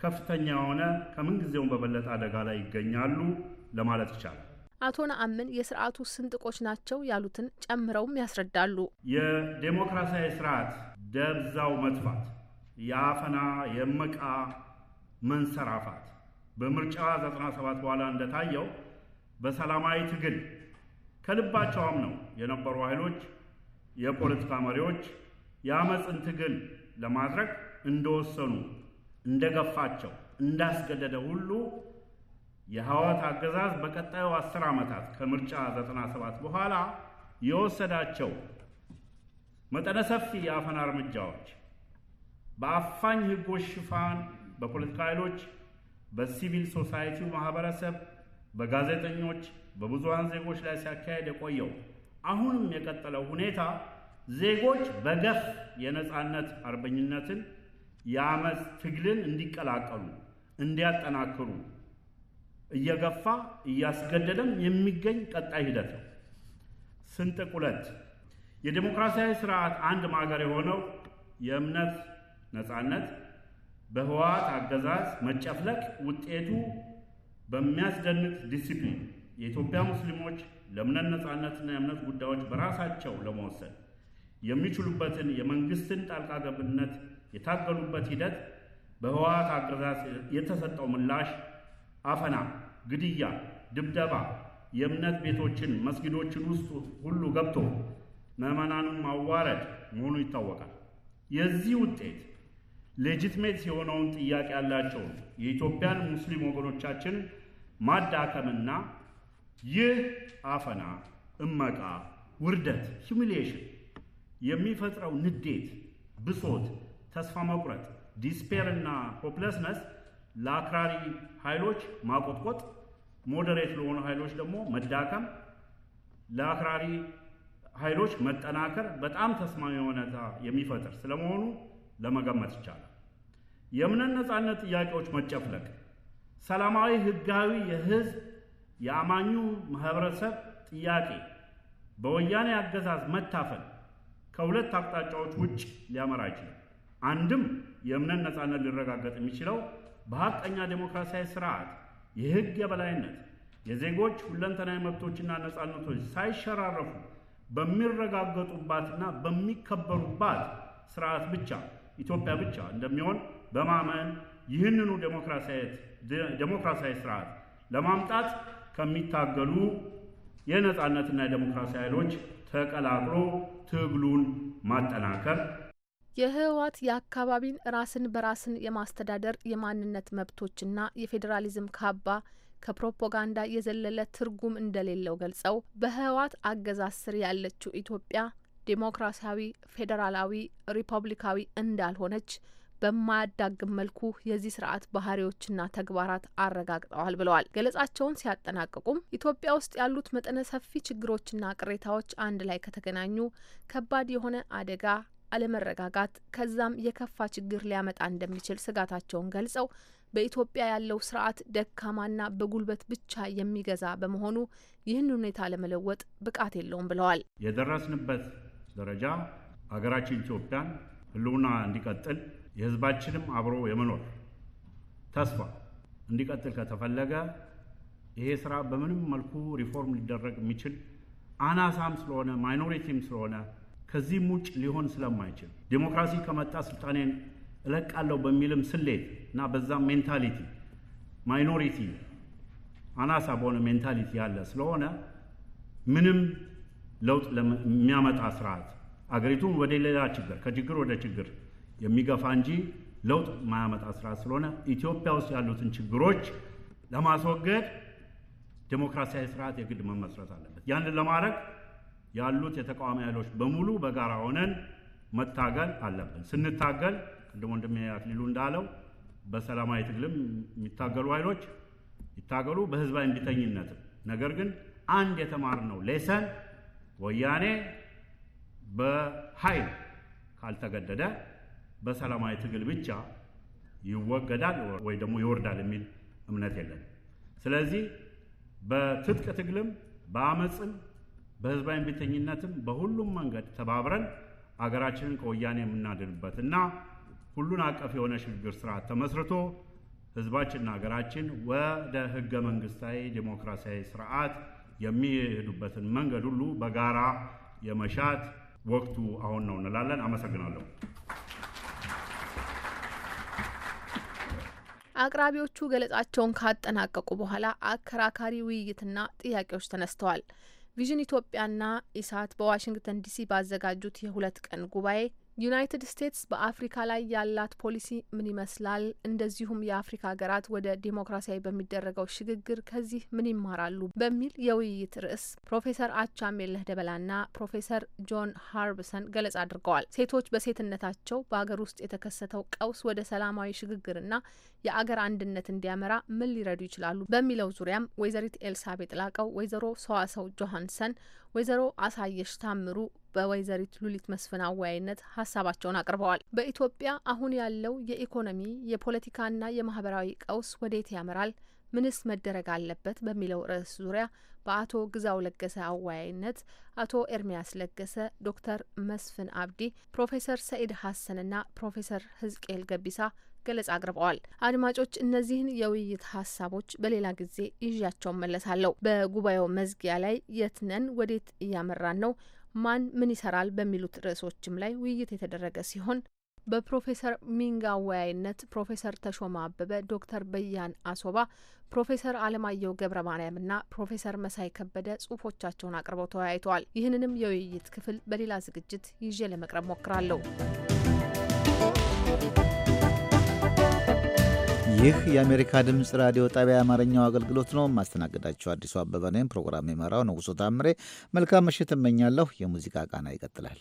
ከፍተኛ የሆነ ከምንጊዜውም በበለጠ አደጋ ላይ ይገኛሉ ለማለት ይቻላል። አቶ ነአምን የስርዓቱ ስንጥቆች ናቸው ያሉትን ጨምረውም ያስረዳሉ። የዴሞክራሲያዊ ስርዓት ደብዛው መጥፋት፣ የአፈና የመቃ መንሰራፋት በምርጫ 97 በኋላ እንደታየው በሰላማዊ ትግል ከልባቸውም ነው የነበሩ ኃይሎች የፖለቲካ መሪዎች የአመፅን ትግል ለማድረግ እንደወሰኑ እንደገፋቸው እንዳስገደደ ሁሉ የህወሓት አገዛዝ በቀጣዩ አስር ዓመታት ከምርጫ 97 በኋላ የወሰዳቸው መጠነ ሰፊ የአፈና እርምጃዎች በአፋኝ ህጎች ሽፋን በፖለቲካ ኃይሎች በሲቪል ሶሳይቲው ማህበረሰብ፣ በጋዜጠኞች፣ በብዙሀን ዜጎች ላይ ሲያካሄድ የቆየው አሁንም የቀጠለው ሁኔታ ዜጎች በገፍ የነፃነት አርበኝነትን የአመፅ ትግልን እንዲቀላቀሉ እንዲያጠናክሩ እየገፋ እያስገደደም የሚገኝ ቀጣይ ሂደት ነው። ስንጥቅ ሁለት የዲሞክራሲያዊ ስርዓት አንድ ማገር የሆነው የእምነት ነፃነት በህወሓት አገዛዝ መጨፍለቅ ውጤቱ በሚያስደንቅ ዲሲፕሊን የኢትዮጵያ ሙስሊሞች ለእምነት ነፃነትና የእምነት ጉዳዮች በራሳቸው ለመወሰን የሚችሉበትን የመንግስትን ጣልቃ ገብነት የታገሉበት ሂደት በህወሓት አገዛዝ የተሰጠው ምላሽ አፈና፣ ግድያ፣ ድብደባ፣ የእምነት ቤቶችን መስጊዶችን ውስጥ ሁሉ ገብቶ ምዕመናኑን ማዋረድ መሆኑ ይታወቃል። የዚህ ውጤት ሌጂትሜት የሆነውን ጥያቄ ያላቸው የኢትዮጵያን ሙስሊም ወገኖቻችን ማዳከምና ይህ አፈና፣ እመቃ፣ ውርደት ሂሚሊሽን የሚፈጥረው ንዴት፣ ብሶት፣ ተስፋ መቁረጥ፣ ዲስፔር እና ሆፕለስነስ ለአክራሪ ኃይሎች ማቆጥቆጥ፣ ሞዴሬት ለሆኑ ኃይሎች ደግሞ መዳከም፣ ለአክራሪ ኃይሎች መጠናከር በጣም ተስማሚ የሆነ የሚፈጥር ስለመሆኑ ለመገመት ይቻላል። የእምነት ነፃነት ጥያቄዎች መጨፍለቅ፣ ሰላማዊ ህጋዊ የህዝብ የአማኙ ማህበረሰብ ጥያቄ በወያኔ አገዛዝ መታፈል ከሁለት አቅጣጫዎች ውጭ ሊያመራ ይችላል። አንድም የእምነት ነፃነት ሊረጋገጥ የሚችለው በሀቀኛ ዴሞክራሲያዊ ስርዓት የህግ የበላይነት የዜጎች ሁለንተናዊ መብቶችና ነጻነቶች ሳይሸራረፉ በሚረጋገጡባትና በሚከበሩባት ስርዓት ብቻ ኢትዮጵያ ብቻ እንደሚሆን በማመን ይህንኑ ዴሞክራሲያዊ ስርዓት ለማምጣት ከሚታገሉ የነፃነትና የዴሞክራሲ ኃይሎች ተቀላቅሎ ትግሉን ማጠናከር የህወሓት የአካባቢን ራስን በራስን የማስተዳደር የማንነት መብቶችና የፌዴራሊዝም ካባ ከፕሮፓጋንዳ የዘለለ ትርጉም እንደሌለው ገልጸው በህወሓት አገዛዝ ስር ያለችው ኢትዮጵያ ዴሞክራሲያዊ ፌዴራላዊ ሪፐብሊካዊ እንዳልሆነች በማያዳግም መልኩ የዚህ ስርዓት ባህሪዎችና ተግባራት አረጋግጠዋል ብለዋል። ገለጻቸውን ሲያጠናቅቁም ኢትዮጵያ ውስጥ ያሉት መጠነ ሰፊ ችግሮችና ቅሬታዎች አንድ ላይ ከተገናኙ ከባድ የሆነ አደጋ፣ አለመረጋጋት ከዛም የከፋ ችግር ሊያመጣ እንደሚችል ስጋታቸውን ገልጸው በኢትዮጵያ ያለው ስርዓት ደካማና በጉልበት ብቻ የሚገዛ በመሆኑ ይህን ሁኔታ ለመለወጥ ብቃት የለውም ብለዋል። የደረስንበት ደረጃ ሀገራችን ኢትዮጵያን ህልውና እንዲቀጥል የህዝባችንም አብሮ የመኖር ተስፋ እንዲቀጥል ከተፈለገ ይሄ ስራ በምንም መልኩ ሪፎርም ሊደረግ የሚችል አናሳም ስለሆነ ማይኖሪቲም ስለሆነ ከዚህም ውጭ ሊሆን ስለማይችል ዲሞክራሲ ከመጣ ስልጣኔን እለቃለሁ በሚልም ስሌት እና በዛም ሜንታሊቲ ማይኖሪቲ አናሳ በሆነ ሜንታሊቲ ያለ ስለሆነ ምንም ለውጥ የሚያመጣ ስርዓት አገሪቱን ወደ ሌላ ችግር ከችግር ወደ ችግር የሚገፋ እንጂ ለውጥ ማያመጣ ስራ ስለሆነ ኢትዮጵያ ውስጥ ያሉትን ችግሮች ለማስወገድ ዴሞክራሲያዊ ስርዓት የግድ መመስረት አለበት። ያንን ለማድረግ ያሉት የተቃዋሚ ኃይሎች በሙሉ በጋራ ሆነን መታገል አለብን። ስንታገል ቅድም ወንድም አክሊሉ እንዳለው በሰላማዊ ትግልም የሚታገሉ ኃይሎች ይታገሉ፣ በህዝባዊ እምቢተኝነትም። ነገር ግን አንድ የተማርነው ሌሰን ወያኔ በኃይል ካልተገደደ በሰላማዊ ትግል ብቻ ይወገዳል ወይ ደግሞ ይወርዳል የሚል እምነት የለም። ስለዚህ በትጥቅ ትግልም በአመፅም በህዝባዊ እምቢተኝነትም በሁሉም መንገድ ተባብረን አገራችንን ከወያኔ የምናድንበት እና ሁሉን አቀፍ የሆነ ሽግግር ስርዓት ተመስርቶ ህዝባችንና ሀገራችን ወደ ህገ መንግስታዊ ዴሞክራሲያዊ ስርዓት የሚሄዱበትን መንገድ ሁሉ በጋራ የመሻት ወቅቱ አሁን ነው እንላለን። አመሰግናለሁ። አቅራቢዎቹ ገለጻቸውን ካጠናቀቁ በኋላ አከራካሪ ውይይትና ጥያቄዎች ተነስተዋል። ቪዥን ኢትዮጵያና ኢሳት በዋሽንግተን ዲሲ ባዘጋጁት የሁለት ቀን ጉባኤ ዩናይትድ ስቴትስ በአፍሪካ ላይ ያላት ፖሊሲ ምን ይመስላል? እንደዚሁም የአፍሪካ ሀገራት ወደ ዲሞክራሲያዊ በሚደረገው ሽግግር ከዚህ ምን ይማራሉ? በሚል የውይይት ርዕስ ፕሮፌሰር አቻምየለህ ደበላና ፕሮፌሰር ጆን ሃርብሰን ገለጻ አድርገዋል። ሴቶች በሴትነታቸው በሀገር ውስጥ የተከሰተው ቀውስ ወደ ሰላማዊ ሽግግርና የአገር አንድነት እንዲያመራ ምን ሊረዱ ይችላሉ? በሚለው ዙሪያም ወይዘሪት ኤልሳቤጥ ላቀው፣ ወይዘሮ ሰዋሰው ጆሃንሰን፣ ወይዘሮ አሳየሽ ታምሩ በወይዘሪት ሉሊት መስፍን አወያይነት ሀሳባቸውን አቅርበዋል። በኢትዮጵያ አሁን ያለው የኢኮኖሚ የፖለቲካና የማህበራዊ ቀውስ ወዴት ያመራል? ምንስ መደረግ አለበት? በሚለው ርዕስ ዙሪያ በአቶ ግዛው ለገሰ አወያይነት አቶ ኤርሚያስ ለገሰ፣ ዶክተር መስፍን አብዲ፣ ፕሮፌሰር ሰኢድ ሀሰንና ፕሮፌሰር ህዝቅኤል ገቢሳ ገለጻ አቅርበዋል። አድማጮች እነዚህን የውይይት ሀሳቦች በሌላ ጊዜ ይዣቸውን መለሳለሁ። በጉባኤው መዝጊያ ላይ የትነን ወዴት እያመራን ነው ማን ምን ይሰራል በሚሉት ርዕሶችም ላይ ውይይት የተደረገ ሲሆን በፕሮፌሰር ሚንጋ አወያይነት ፕሮፌሰር ተሾማ አበበ፣ ዶክተር በያን አሶባ፣ ፕሮፌሰር አለማየሁ ገብረ ማርያም እና ፕሮፌሰር መሳይ ከበደ ጽሁፎቻቸውን አቅርበው ተወያይተዋል። ይህንንም የውይይት ክፍል በሌላ ዝግጅት ይዤ ለመቅረብ ሞክራለሁ። ይህ የአሜሪካ ድምፅ ራዲዮ ጣቢያ የአማርኛው አገልግሎት ነው። ማስተናገዳቸው አዲሱ አበበ ነኝ። ፕሮግራም የመራው ንጉሶ ታምሬ። መልካም ምሽት እመኛለሁ። የሙዚቃ ቃና ይቀጥላል።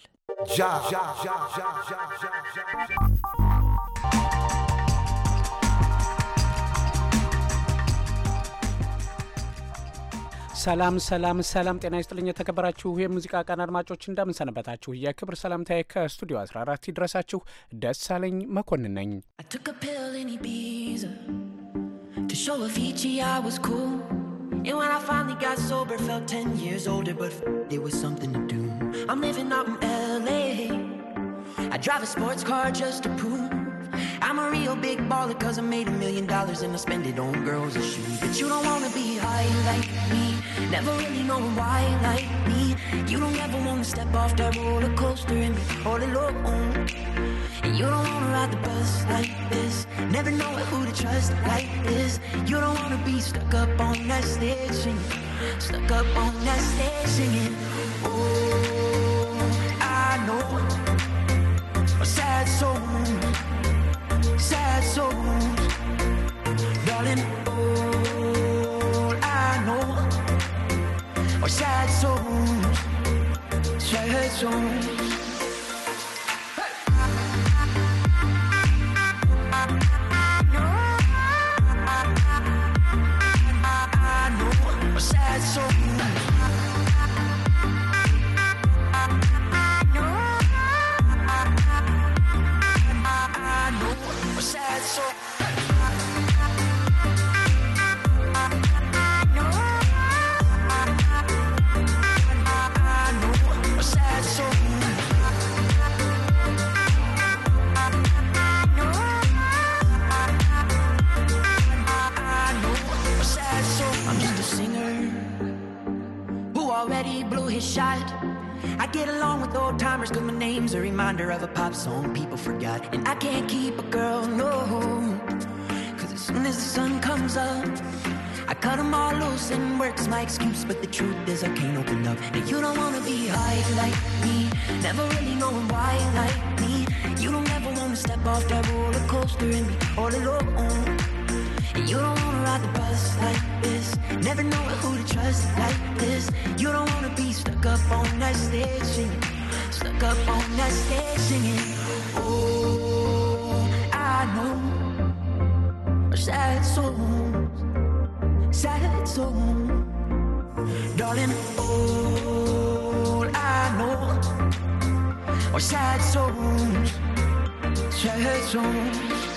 ሰላም ሰላም ሰላም፣ ጤና ይስጥልኝ የተከበራችሁ የሙዚቃ ቀን አድማጮች እንደምንሰነበታችሁ። የክብር ሰላምታዬ ከስቱዲዮ 14 ይድረሳችሁ። ደሳለኝ መኮንን ነኝ። To show a Fiji I was cool. And when I finally got sober, felt 10 years older, but there was something to do. I'm living out in LA. I drive a sports car just to prove I'm a real big baller, cause I made a million dollars and I spend it on girls and shoes. But you don't wanna be high like me, never really know why like me. You don't ever wanna step off that roller coaster and be all alone. You don't wanna ride the bus like this. Never know who to trust like this. You don't wanna be stuck up on that stage singing. Stuck up on that stage singing. Oh, I know a sad soul, sad soul, darling. Oh, I know a sad soul, sad soul. shot. I get along with old timers cause my name's a reminder of a pop song people forgot. And I can't keep a girl, no. Cause as soon as the sun comes up, I cut them all loose and work's my excuse. But the truth is, I can't open up. And you don't wanna be high like me, never really knowing why like me. You don't ever wanna step off that roller coaster and be all alone ride the bus like this. Never know who to trust like this. You don't wanna be stuck up on that stage singing. Stuck up on that stage singing. Oh, I know. our Sad songs, sad songs, darling. Oh, I know our sad songs, sad songs.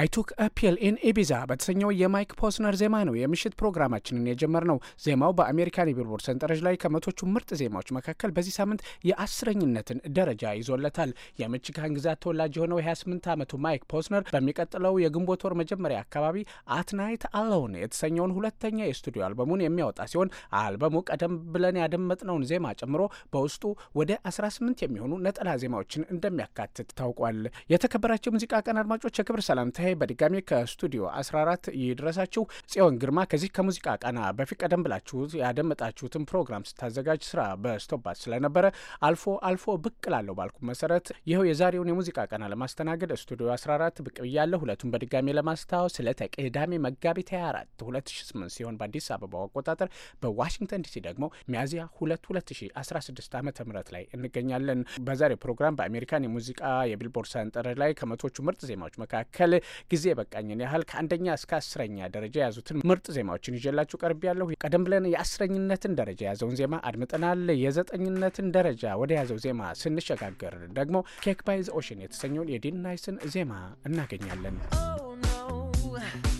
አይቱክ አፒል ኢን ኢቢዛ በተሰኘው የማይክ ፖስነር ዜማ ነው የምሽት ፕሮግራማችንን የጀመርነው። ዜማው በአሜሪካን የቢልቦርድ ሰንጠረዥ ላይ ከመቶቹ ምርጥ ዜማዎች መካከል በዚህ ሳምንት የአስረኝነትን ደረጃ ይዞለታል። የምችካን ግዛት ተወላጅ የሆነው የ28 ዓመቱ ማይክ ፖስነር በሚቀጥለው የግንቦት ወር መጀመሪያ አካባቢ አትናይት አለውን የተሰኘውን ሁለተኛ የስቱዲዮ አልበሙን የሚያወጣ ሲሆን አልበሙ ቀደም ብለን ያደመጥነውን ዜማ ጨምሮ በውስጡ ወደ 18 የሚሆኑ ነጠላ ዜማዎችን እንደሚያካትት ታውቋል። የተከበራቸው የሙዚቃ ቀን አድማጮች የክብር ሰላምታ ፍስሐዬ በድጋሚ ከስቱዲዮ 14 ይድረሳችሁ። ጽዮን ግርማ ከዚህ ከሙዚቃ ቃና በፊት ቀደም ብላችሁ ያደመጣችሁትን ፕሮግራም ስታዘጋጅ ስራ በስቶባት ስለነበረ አልፎ አልፎ ብቅ ላለሁ ባልኩ መሰረት ይኸው የዛሬውን የሙዚቃ ቃና ለማስተናገድ ስቱዲዮ 14 ብቅ ብያለሁ። ሁለቱን በድጋሚ ለማስታወስ ዕለተ ቅዳሜ መጋቢት 24 2008 ሲሆን በአዲስ አበባ አቆጣጠር፣ በዋሽንግተን ዲሲ ደግሞ ሚያዝያ 2 2016 ዓ ም ላይ እንገኛለን። በዛሬ ፕሮግራም በአሜሪካን የሙዚቃ የቢልቦርድ ሰንጠረዥ ላይ ከመቶቹ ምርጥ ዜማዎች መካከል ጊዜ በቃኝን ያህል ከአንደኛ እስከ አስረኛ ደረጃ የያዙትን ምርጥ ዜማዎችን ይዤላችሁ ቀርብ ያለሁ። ቀደም ብለን የአስረኝነትን ደረጃ የያዘውን ዜማ አድምጠናል። የዘጠኝነትን ደረጃ ወደ ያዘው ዜማ ስንሸጋገር ደግሞ ኬክ ባይ ዘ ኦሽን የተሰኘውን የዲን ናይስን ዜማ እናገኛለን። oh,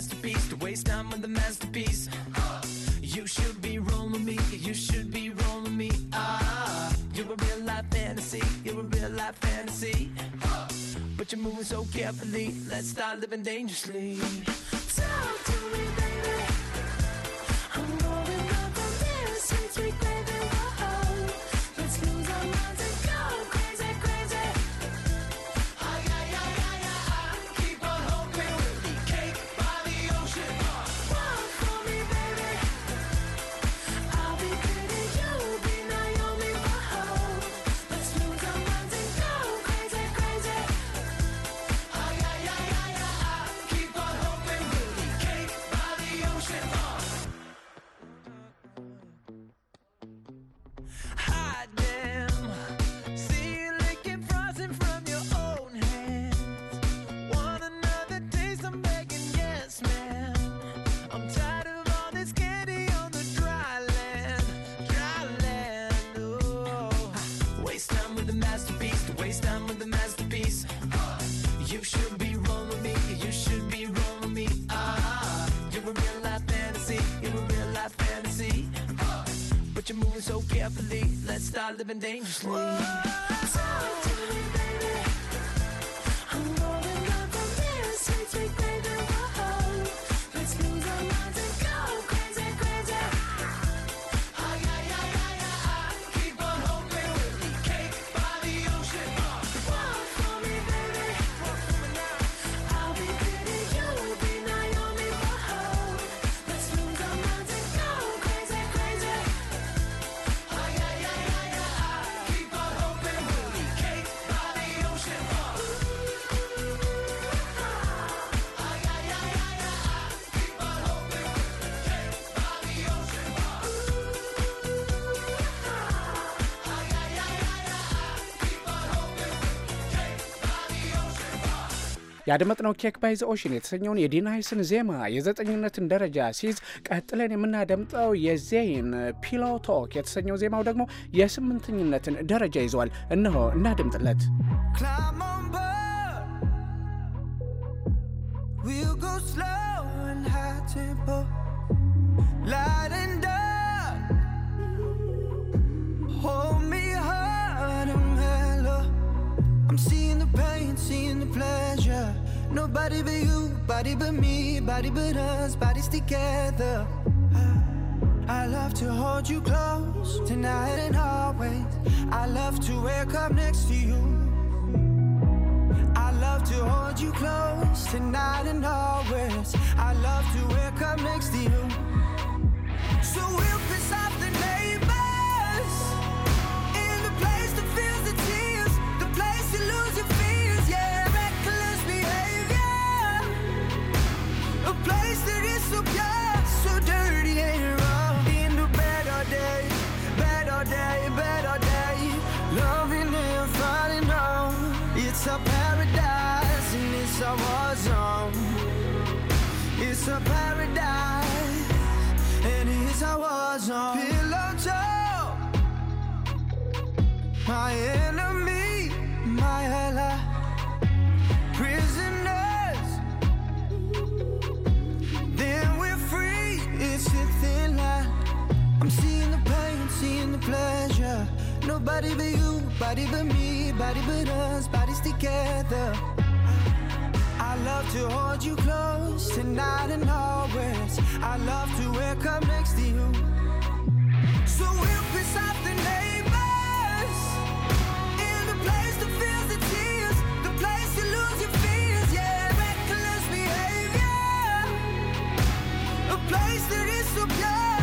masterpiece to waste time with the masterpiece. you should be rolling me, you should be rolling me. Ah, you're a real life fantasy, you're a real life fantasy. but you're moving so carefully, let's start living dangerously. Talk to me, baby. I'm rolling up on this, sweet, sweet baby. live dangerously. Whoa. ያደመጥነው ኬክ ባይ ዘ ኦሽን የተሰኘውን የዲናይስን ዜማ የዘጠኝነትን ደረጃ ሲይዝ ቀጥለን የምናደምጠው የዜይን ፒሎ ቶክ የተሰኘው ዜማው ደግሞ የስምንተኝነትን ደረጃ ይዘዋል። እነሆ እናድምጥለት። We'll go slow and high tempo. Light nobody but you, body but me, body but us, bodies together. I love to hold you close tonight and always. I love to wake up next to you. I love to hold you close tonight and always. I love to wake up next to you. So we'll decide. so bad, so dirty and wrong. Into better day, better day, better day. Loving and falling home. It's a paradise and it's a war zone. It's a paradise and it's a war zone. Pillow talk, my enemy. seeing the pain, seeing the pleasure. Nobody but you, body but me, body but us, bodies together. I love to hold you close tonight and always. I love to wake up next to you. So we'll piss off the neighbors in the place that feels the tears, the place you lose your fears, yeah. Reckless behavior, a place that is so pure.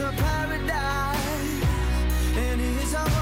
A paradise and his own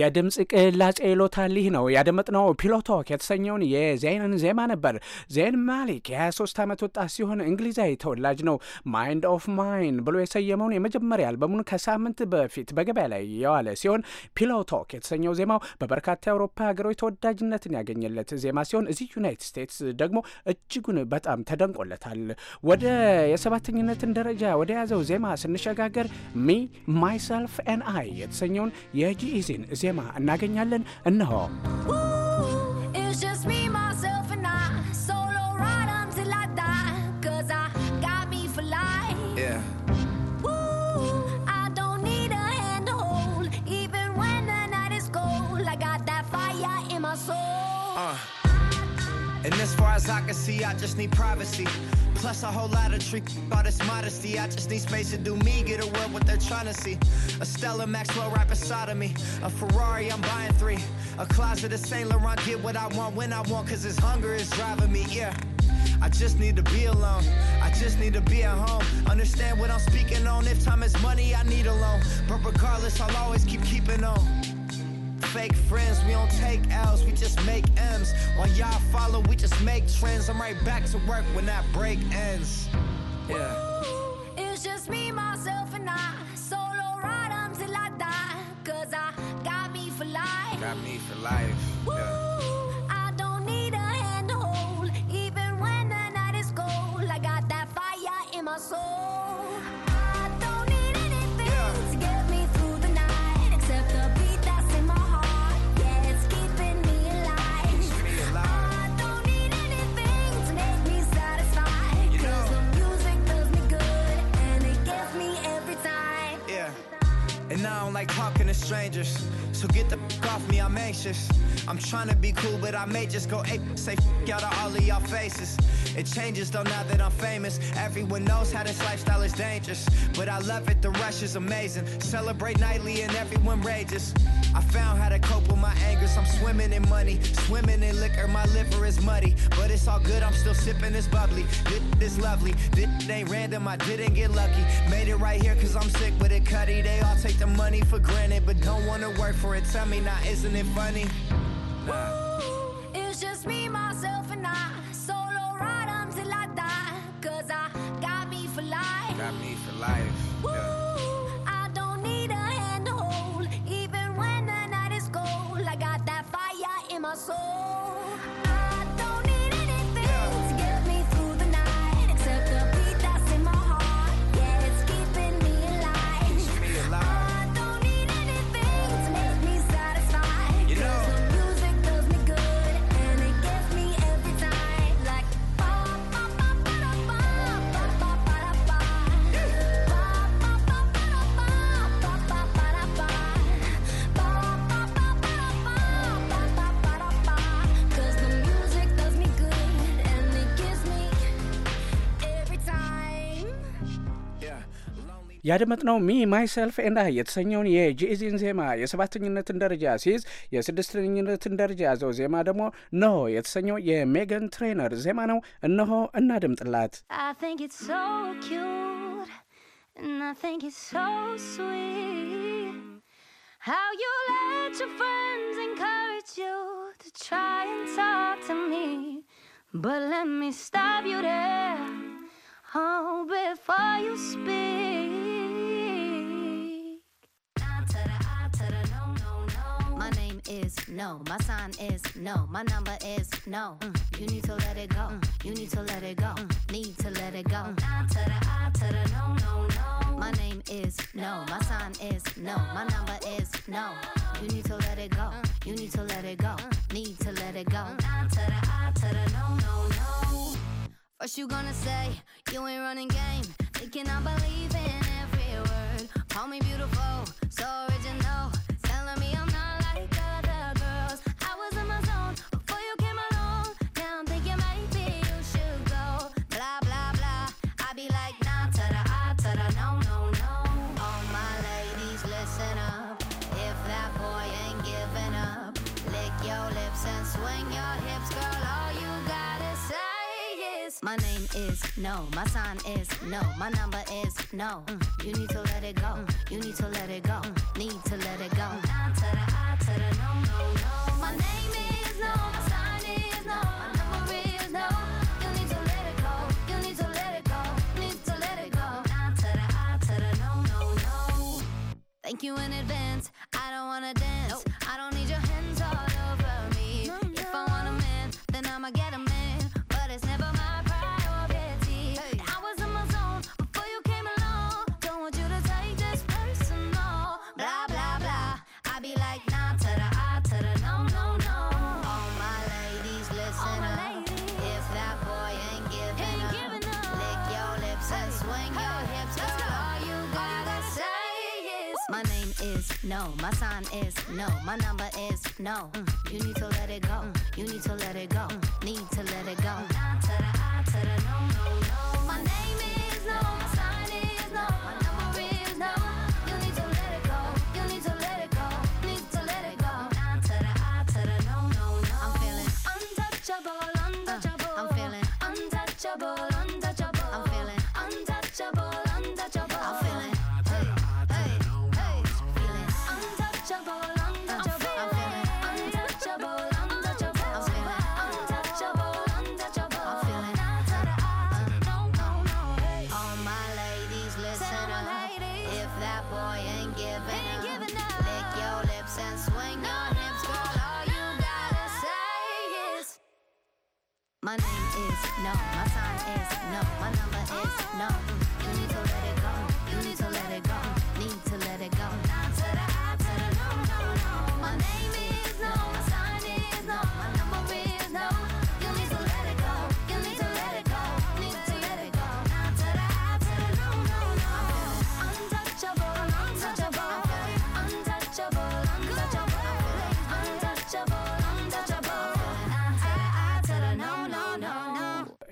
የድምፅ ቅላጼ ይሎታል። ሊህ ነው ያደመጥነው ፒሎቶክ የተሰኘውን የዜይንን ዜማ ነበር። ዜን ማሊክ የ23 ዓመት ወጣት ሲሆን እንግሊዛዊ ተወላጅ ነው። ማይንድ ኦፍ ማይን ብሎ የሰየመውን የመጀመሪያ አልበሙን ከሳምንት በፊት በገበያ ላይ የዋለ ሲሆን ፒሎቶክ የተሰኘው ዜማው በበርካታ የአውሮፓ ሀገሮች ተወዳጅነትን ያገኘለት ዜማ ሲሆን እዚህ ዩናይትድ ስቴትስ ደግሞ እጅጉን በጣም ተደንቆለታል። ወደ የሰባተኝነትን ደረጃ ወደ ያዘው ዜማ ስንሸጋገር ሚ ማይሰልፍ ኤን አይ የተሰኘውን የጂኢዚን ዜማ እናገኛለን። እንሆ And as far as I can see, I just need privacy. Plus a whole lot of treat about this modesty. I just need space to do me, get away what they're trying to see. A Stella Maxwell right beside of me. A Ferrari, I'm buying three. A closet of Saint Laurent, get what I want when I want, cause this hunger is driving me, yeah. I just need to be alone. I just need to be at home. Understand what I'm speaking on. If time is money, I need a loan. But regardless, I'll always keep keeping on fake friends. We don't take L's, we just make M's. While y'all follow, we just make trends. I'm right back to work when that break ends. Yeah. like talking to strangers. So get the f off me, I'm anxious. I'm trying to be cool, but I may just go ape. Say f out of all of y'all faces. It changes though now that I'm famous. Everyone knows how this lifestyle is dangerous. But I love it, the rush is amazing. Celebrate nightly and everyone rages. I found how to cope with my angers. I'm swimming in money, swimming in liquor. My liver is muddy, but it's all good. I'm still sipping this bubbly. This is lovely. This ain't random. I didn't get lucky. Made it right here cause I'm sick with it, cutty. They all take the money for granted, but don't wanna work for it. Tell me now, isn't it funny? Nah. nosso ያደመጥነው ሚ ማይሰልፍ ኤንድ አይ የተሰኘውን የጂኢዚን ዜማ የሰባተኝነትን ደረጃ ሲይዝ የስድስተኝነትን ደረጃ ያዘው ዜማ ደግሞ እነሆ የተሰኘው የሜገን ትሬነር ዜማ ነው። እነሆ እናድምጥላት። How you let your friends encourage you to try and talk to me. But let me stop you there, oh, before you speak. is no. My sign is no. My number is no. Mm. You need to let it go. Mm. mm. You need to let it go. Mm. mm. Need to let it go. I to the I to the no no no. My name is no. My sign is no. My number is no. You need to let it go. Mm. You need to let it go. Need to let it go. I to the I to the no no no. First you gonna say you ain't running game. thinking I believe in every word. Call me beautiful, so original. My name is no, my sign is no, my number is no. Mm. You need to let it go. Mm. You need to let it go. Mm. Need to let it go. Down to the I to the no, no, no. My name is no, my sign is no, my number is no. You need to let it go. You need to let it go. Need to let it go. Down to the I to the no, no, no. Thank you in advance. I don't wanna dance is no. My number is no. You need to let it go. You need to let it go. Need to let it go.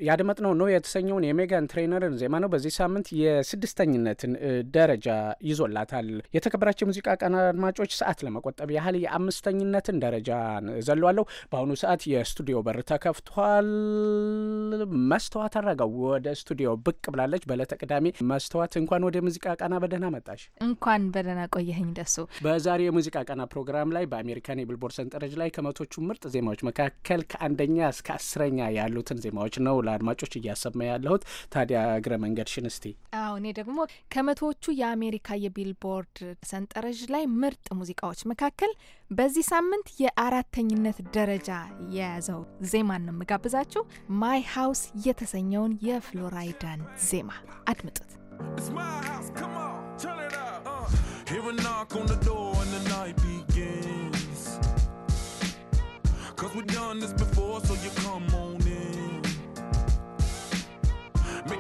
ያደመጥነው ነው የተሰኘውን የሜጋን ትሬነርን ዜማ ነው። በዚህ ሳምንት የስድስተኝነትን ደረጃ ይዞላታል። የተከበራቸው የሙዚቃ ቀን አድማጮች፣ ሰዓት ለመቆጠብ ያህል የአምስተኝነትን ደረጃ ዘሏለሁ። በአሁኑ ሰዓት የስቱዲዮ በር ተከፍቷል። መስተዋት አረጋው ወደ ስቱዲዮ ብቅ ብላለች። በዕለተ ቅዳሜ መስተዋት፣ እንኳን ወደ ሙዚቃ ቀና በደህና መጣሽ። እንኳን በደህና ቆየኝ ደሱ። በዛሬ የሙዚቃ ቃና ፕሮግራም ላይ በአሜሪካን የቢልቦርድ ሰንጠረዥ ላይ ከመቶቹ ምርጥ ዜማዎች መካከል ከአንደኛ እስከ አስረኛ ያሉትን ዜማዎች ነው ለአድማጮች እያሰማ ያለሁት። ታዲያ እግረ መንገድ እስቲ። አዎ እኔ ደግሞ ከመቶዎቹ የአሜሪካ የቢልቦርድ ሰንጠረዥ ላይ ምርጥ ሙዚቃዎች መካከል በዚህ ሳምንት የአራተኝነት ደረጃ የያዘው ዜማን ነው የምጋብዛችሁ። ማይ ሀውስ የተሰኘውን የፍሎራይዳን ዜማ አድምጡት። uh. Hear a knock on the door and the night begins. Cause we've done this before, so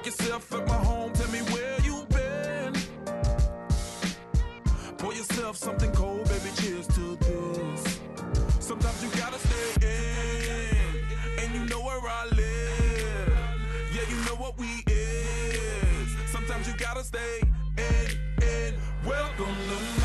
yourself at my home, tell me where you been. Pour yourself something cold, baby, cheers to this. Sometimes you gotta stay in, and you know where I live. Yeah, you know what we is. Sometimes you gotta stay in, in. Welcome to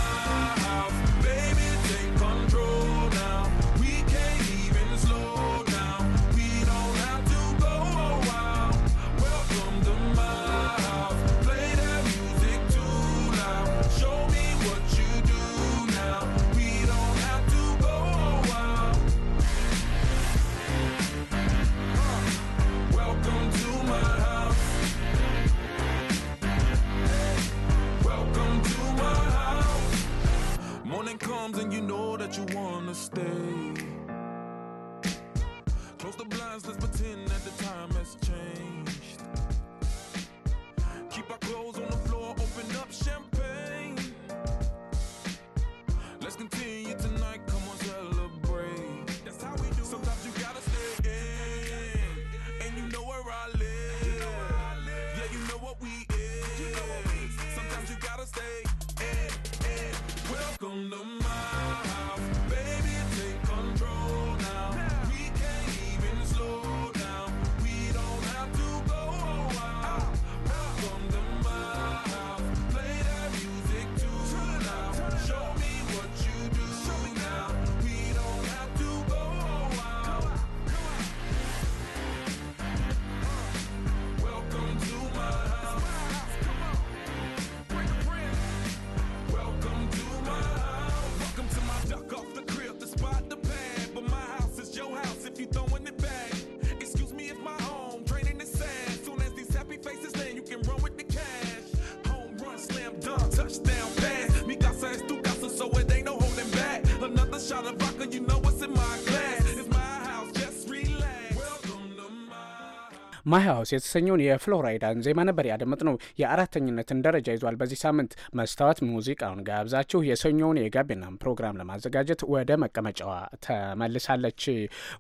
ማይሃውስ የተሰኘውን የፍሎራይዳን ዜማ ነበር ያደመጥ ነው። የአራተኝነትን ደረጃ ይዟል። በዚህ ሳምንት መስታወት ሙዚቃውን ጋብዛችሁ የሰኞውን የጋቢናም ፕሮግራም ለማዘጋጀት ወደ መቀመጫዋ ተመልሳለች።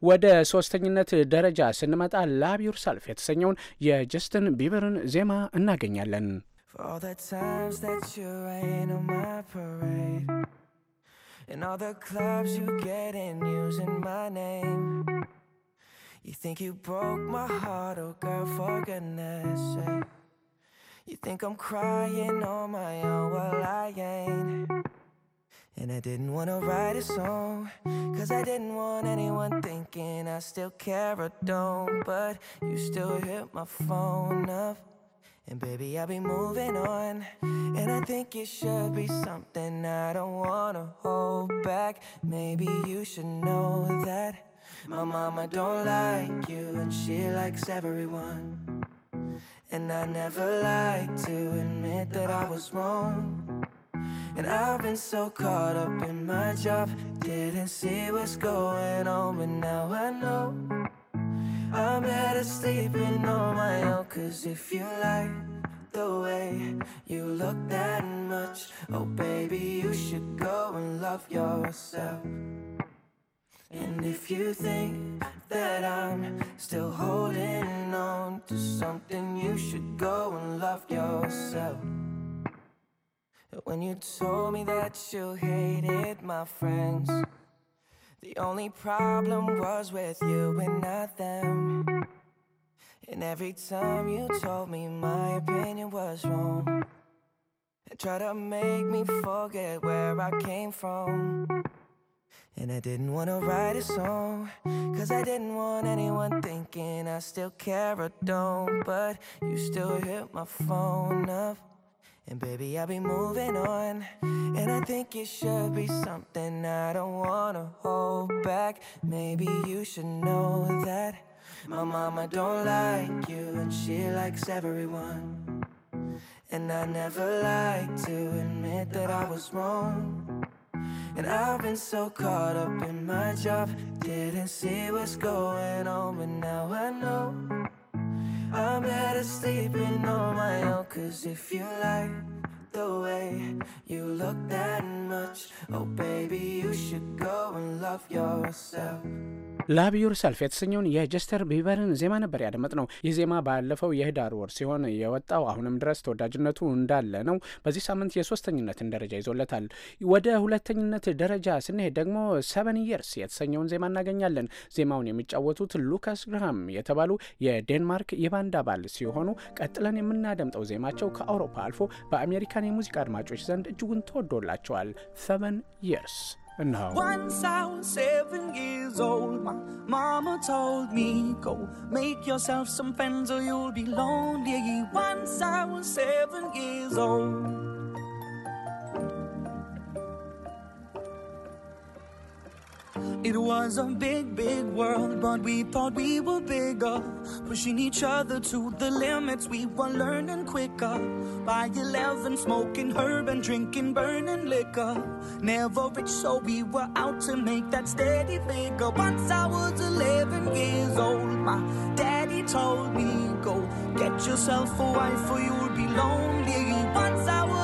ወደ ሶስተኝነት ደረጃ ስንመጣ ላቭ ዮርሰልፍ የተሰኘውን የጀስትን ቢበርን ዜማ እናገኛለን። And all the clubs you get in using my name You think you broke my heart, oh girl, for goodness sake. You think I'm crying on my own, well, I ain't. And I didn't wanna write a song, cause I didn't want anyone thinking I still care or don't. But you still hit my phone up. And baby, I'll be moving on. And I think it should be something I don't wanna hold back. Maybe you should know that. My mama don't like you, and she likes everyone. And I never like to admit that I was wrong. And I've been so caught up in my job, didn't see what's going on, but now I know. I'm better sleeping on my own, cause if you like the way you look that much, oh baby, you should go and love yourself. And if you think that I'm still holding on to something, you should go and love yourself. When you told me that you hated my friends, the only problem was with you and not them. And every time you told me my opinion was wrong, and tried to make me forget where I came from. And I didn't wanna write a song, cause I didn't want anyone thinking I still care or don't. But you still hit my phone up. And baby, I'll be moving on. And I think it should be something I don't wanna hold back. Maybe you should know that. My mama don't like you, and she likes everyone. And I never like to admit that I was wrong. And I've been so caught up in my job, didn't see what's going on, but now I know I'm better sleeping on my own. Cause if you like, the way you look that much. Oh, baby, you should go and love yourself. ላቭ ዩር ሰልፍ የተሰኘውን የጀስተር ቢበርን ዜማ ነበር ያደመጥ ነው። ይህ ዜማ ባለፈው የህዳር ወር ሲሆን የወጣው አሁንም ድረስ ተወዳጅነቱ እንዳለ ነው። በዚህ ሳምንት የሶስተኝነትን ደረጃ ይዞለታል። ወደ ሁለተኝነት ደረጃ ስንሄድ ደግሞ ሰቨን ይርስ የተሰኘውን ዜማ እናገኛለን። ዜማውን የሚጫወቱት ሉካስ ግርሃም የተባሉ የዴንማርክ የባንድ አባል ሲሆኑ ቀጥለን የምናደምጠው ዜማቸው ከአውሮፓ አልፎ በአሜሪካን የብሪታንያ የሙዚቃ አድማጮች ዘንድ እጅጉን ተወዶላቸዋል። ሰቨን የርስ እነሆ። Once I was seven years old It was a big, big world, but we thought we were bigger. Pushing each other to the limits, we were learning quicker. By 11, smoking herb and drinking burning liquor. Never rich, so we were out to make that steady figure. Once I was 11 years old, my daddy told me, Go get yourself a wife, or you'll be lonely. Once I was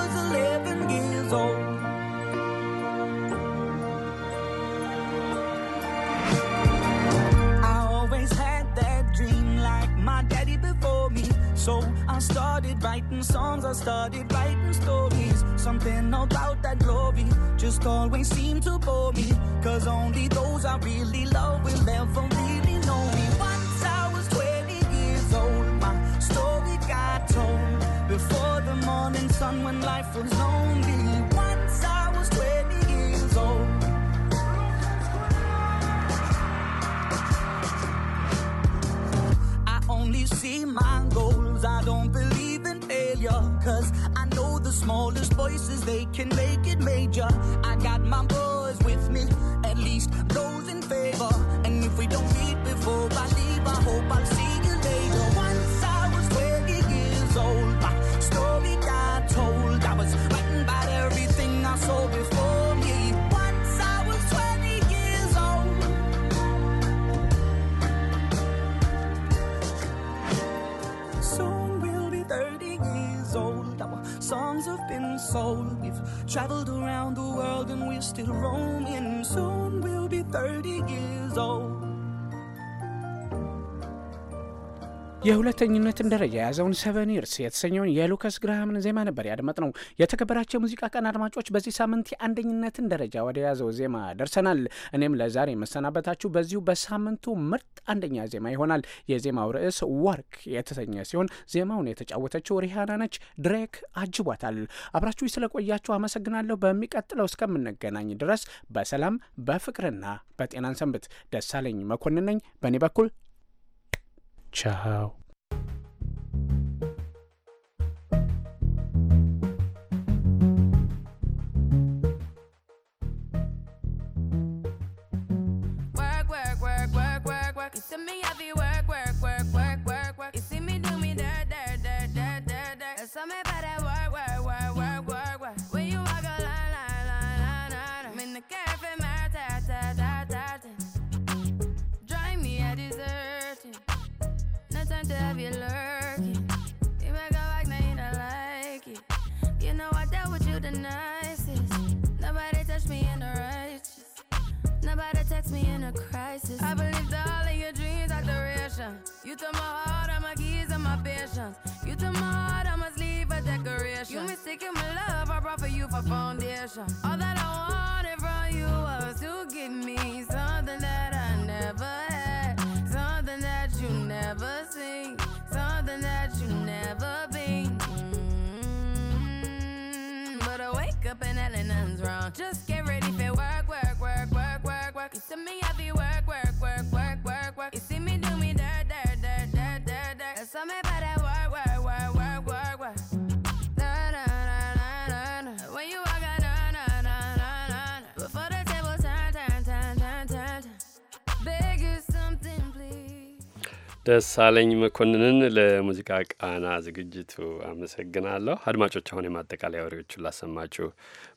started writing songs, I started writing stories. Something about that glory just always seemed to bore me. Cause only those I really love will ever really know me. Once I was 20 years old, my story got told. Before the morning sun when life was lonely. Once I was 20 years old. only see my goals. I don't believe. Cause I know the smallest voices, they can make it major. I got my boys with me, at least those in favor. And if we don't meet before I leave, I hope I'll see. soul. We've traveled around the world and we're still roaming. Soon we'll be 30 years old. የሁለተኝነትን ደረጃ የያዘውን ሰቨን ይርስ የተሰኘውን የሉከስ ግርሃምን ዜማ ነበር ያድመጥ ነው። የተከበራቸው የሙዚቃ ቀን አድማጮች፣ በዚህ ሳምንት የአንደኝነትን ደረጃ ወደ ያዘው ዜማ ደርሰናል። እኔም ለዛሬ መሰናበታችሁ በዚሁ በሳምንቱ ምርጥ አንደኛ ዜማ ይሆናል። የዜማው ርዕስ ወርክ የተሰኘ ሲሆን ዜማውን የተጫወተችው ሪሃና ነች። ድሬክ አጅቧታል። አብራችሁ ስለቆያችሁ አመሰግናለሁ። በሚቀጥለው እስከምንገናኝ ድረስ በሰላም በፍቅርና በጤናን ሰንብት። ደሳለኝ መኮንን ነኝ በእኔ በኩል Ciao. Work, work, work, work, work, work. You send me everywhere. love you lurking. You make a like, now you don't like it. You know I dealt with you the nicest. Nobody touched me in a righteous. Nobody text me in a crisis. I believed all of your dreams are duration. You took my heart, all my keys, and my patience. You took my heart, I must leave a decoration. You mistaken my love, I brought for you for foundation. All that I wanted from you was to give me something that. something's wrong. Just get ready for work, work, work, work, work, work. You see me I be work, work, work, work, work, work. You see me do me dirt, dirt, dirt, dirt, dirt, dirt. That's all me about that work, work, work, work, work, work. Na na na na na na. When you walk out, na na na na na Before the table turn, turn, turn, turn, turn, turn. Beg you something, please. ደሳለኝ መኮንንን ለሙዚቃ ቃና ዝግጅቱ አመሰግናለሁ። አድማጮች አሁን የማጠቃለያ ወሬዎቹን ላሰማችሁ።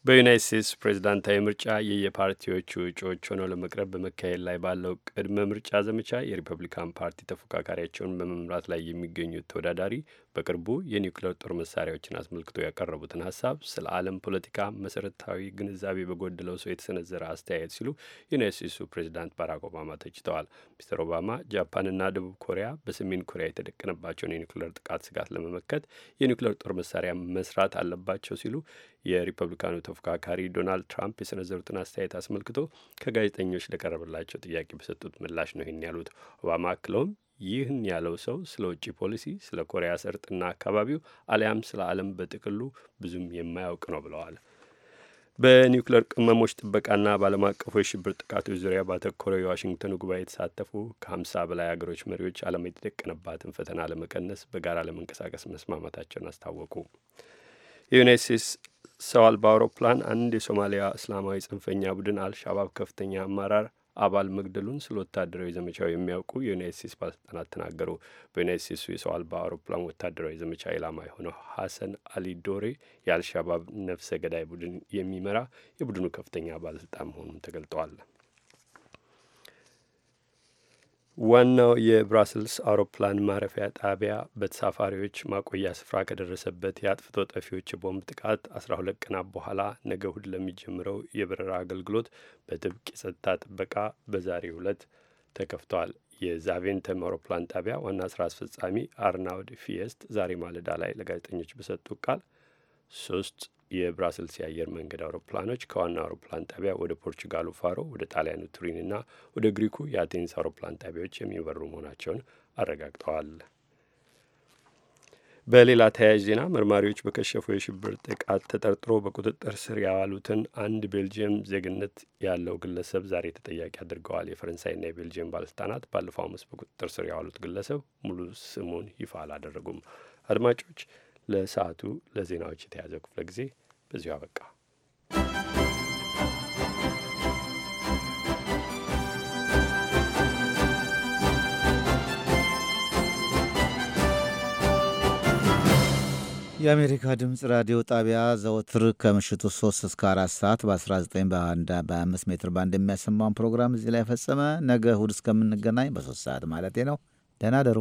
በዩናይት ስቴትስ ፕሬዚዳንታዊ ምርጫ የየፓርቲዎቹ እጩዎች ሆነው ለመቅረብ በመካሄድ ላይ ባለው ቅድመ ምርጫ ዘመቻ የሪፐብሊካን ፓርቲ ተፎካካሪያቸውን በመምራት ላይ የሚገኙት ተወዳዳሪ በቅርቡ የኒውክሌር ጦር መሳሪያዎችን አስመልክቶ ያቀረቡትን ሀሳብ ስለ ዓለም ፖለቲካ መሰረታዊ ግንዛቤ በጎደለው ሰው የተሰነዘረ አስተያየት ሲሉ ዩናይት ስቴትሱ ፕሬዚዳንት ባራክ ኦባማ ተችተዋል። ሚስተር ኦባማ ጃፓንና ደቡብ ኮሪያ በሰሜን ኮሪያ የተደቀነባቸውን የኒውክሌር ጥቃት ስጋት ለመመከት የኒውክሌር ጦር መሳሪያ መስራት አለባቸው ሲሉ የሪፐብሊካኑ ተፎካካሪ ዶናልድ ትራምፕ የሰነዘሩትን አስተያየት አስመልክቶ ከጋዜጠኞች ለቀረበላቸው ጥያቄ በሰጡት ምላሽ ነው ይህን ያሉት። ኦባማ አክለውም ይህን ያለው ሰው ስለ ውጭ ፖሊሲ፣ ስለ ኮሪያ ሰርጥና አካባቢው አሊያም ስለ ዓለም በጥቅሉ ብዙም የማያውቅ ነው ብለዋል። በኒውክሌር ቅመሞች ጥበቃና በዓለም አቀፉ የሽብር ጥቃቶች ዙሪያ ባተኮረው የዋሽንግተኑ ጉባኤ የተሳተፉ ከ በላይ አገሮች መሪዎች ዓለም የተደቀነባትን ፈተና ለመቀነስ በጋራ ለመንቀሳቀስ መስማማታቸውን አስታወቁ። የዩናይት ስቴትስ ሰው አልባ አውሮፕላን አንድ የሶማሊያ እስላማዊ ጽንፈኛ ቡድን አልሻባብ ከፍተኛ አመራር አባል መግደሉን ስለ ወታደራዊ ዘመቻው የሚያውቁ የዩናይት ስቴትስ ባለስልጣናት ተናገሩ። በዩናይት ስቴትሱ የሰው አልባ አውሮፕላን ወታደራዊ ዘመቻ ኢላማ የሆነው ሐሰን አሊ ዶሬ የአልሻባብ ነፍሰ ገዳይ ቡድን የሚመራ የቡድኑ ከፍተኛ ባለስልጣን መሆኑን ተገልጠዋል። ዋናው የብራስልስ አውሮፕላን ማረፊያ ጣቢያ በተሳፋሪዎች ማቆያ ስፍራ ከደረሰበት የአጥፍቶ ጠፊዎች የቦምብ ጥቃት 12 ቀናት በኋላ ነገ እሁድ ለሚጀምረው የበረራ አገልግሎት በጥብቅ የጸጥታ ጥበቃ በዛሬው ዕለት ተከፍቷል። የዛቬንተም አውሮፕላን ጣቢያ ዋና ስራ አስፈጻሚ አርናውድ ፊየስት ዛሬ ማለዳ ላይ ለጋዜጠኞች በሰጡት ቃል ሶስት የብራስልስ የአየር መንገድ አውሮፕላኖች ከዋና አውሮፕላን ጣቢያ ወደ ፖርቹጋሉ ፋሮ፣ ወደ ጣሊያኑ ቱሪን እና ወደ ግሪኩ የአቴንስ አውሮፕላን ጣቢያዎች የሚበሩ መሆናቸውን አረጋግጠዋል። በሌላ ተያያዥ ዜና መርማሪዎች በከሸፉ የሽብር ጥቃት ተጠርጥሮ በቁጥጥር ስር ያዋሉትን አንድ ቤልጅየም ዜግነት ያለው ግለሰብ ዛሬ ተጠያቂ አድርገዋል። የፈረንሳይና የቤልጅየም ባለስልጣናት ባለፈው አመስ በቁጥጥር ስር ያዋሉት ግለሰብ ሙሉ ስሙን ይፋ አላደረጉም። አድማጮች፣ ለሰዓቱ ለዜናዎች የተያዘ ክፍለ ጊዜ በዚሁ አበቃ። የአሜሪካ ድምፅ ራዲዮ ጣቢያ ዘወትር ከምሽቱ 3 እስከ 4 ሰዓት በ19 በ25 ሜትር ባንድ የሚያሰማውን ፕሮግራም እዚህ ላይ ፈጸመ። ነገ እሁድ እስከምንገናኝ በ3 ሰዓት ማለቴ ነው። ደህና ደሩ።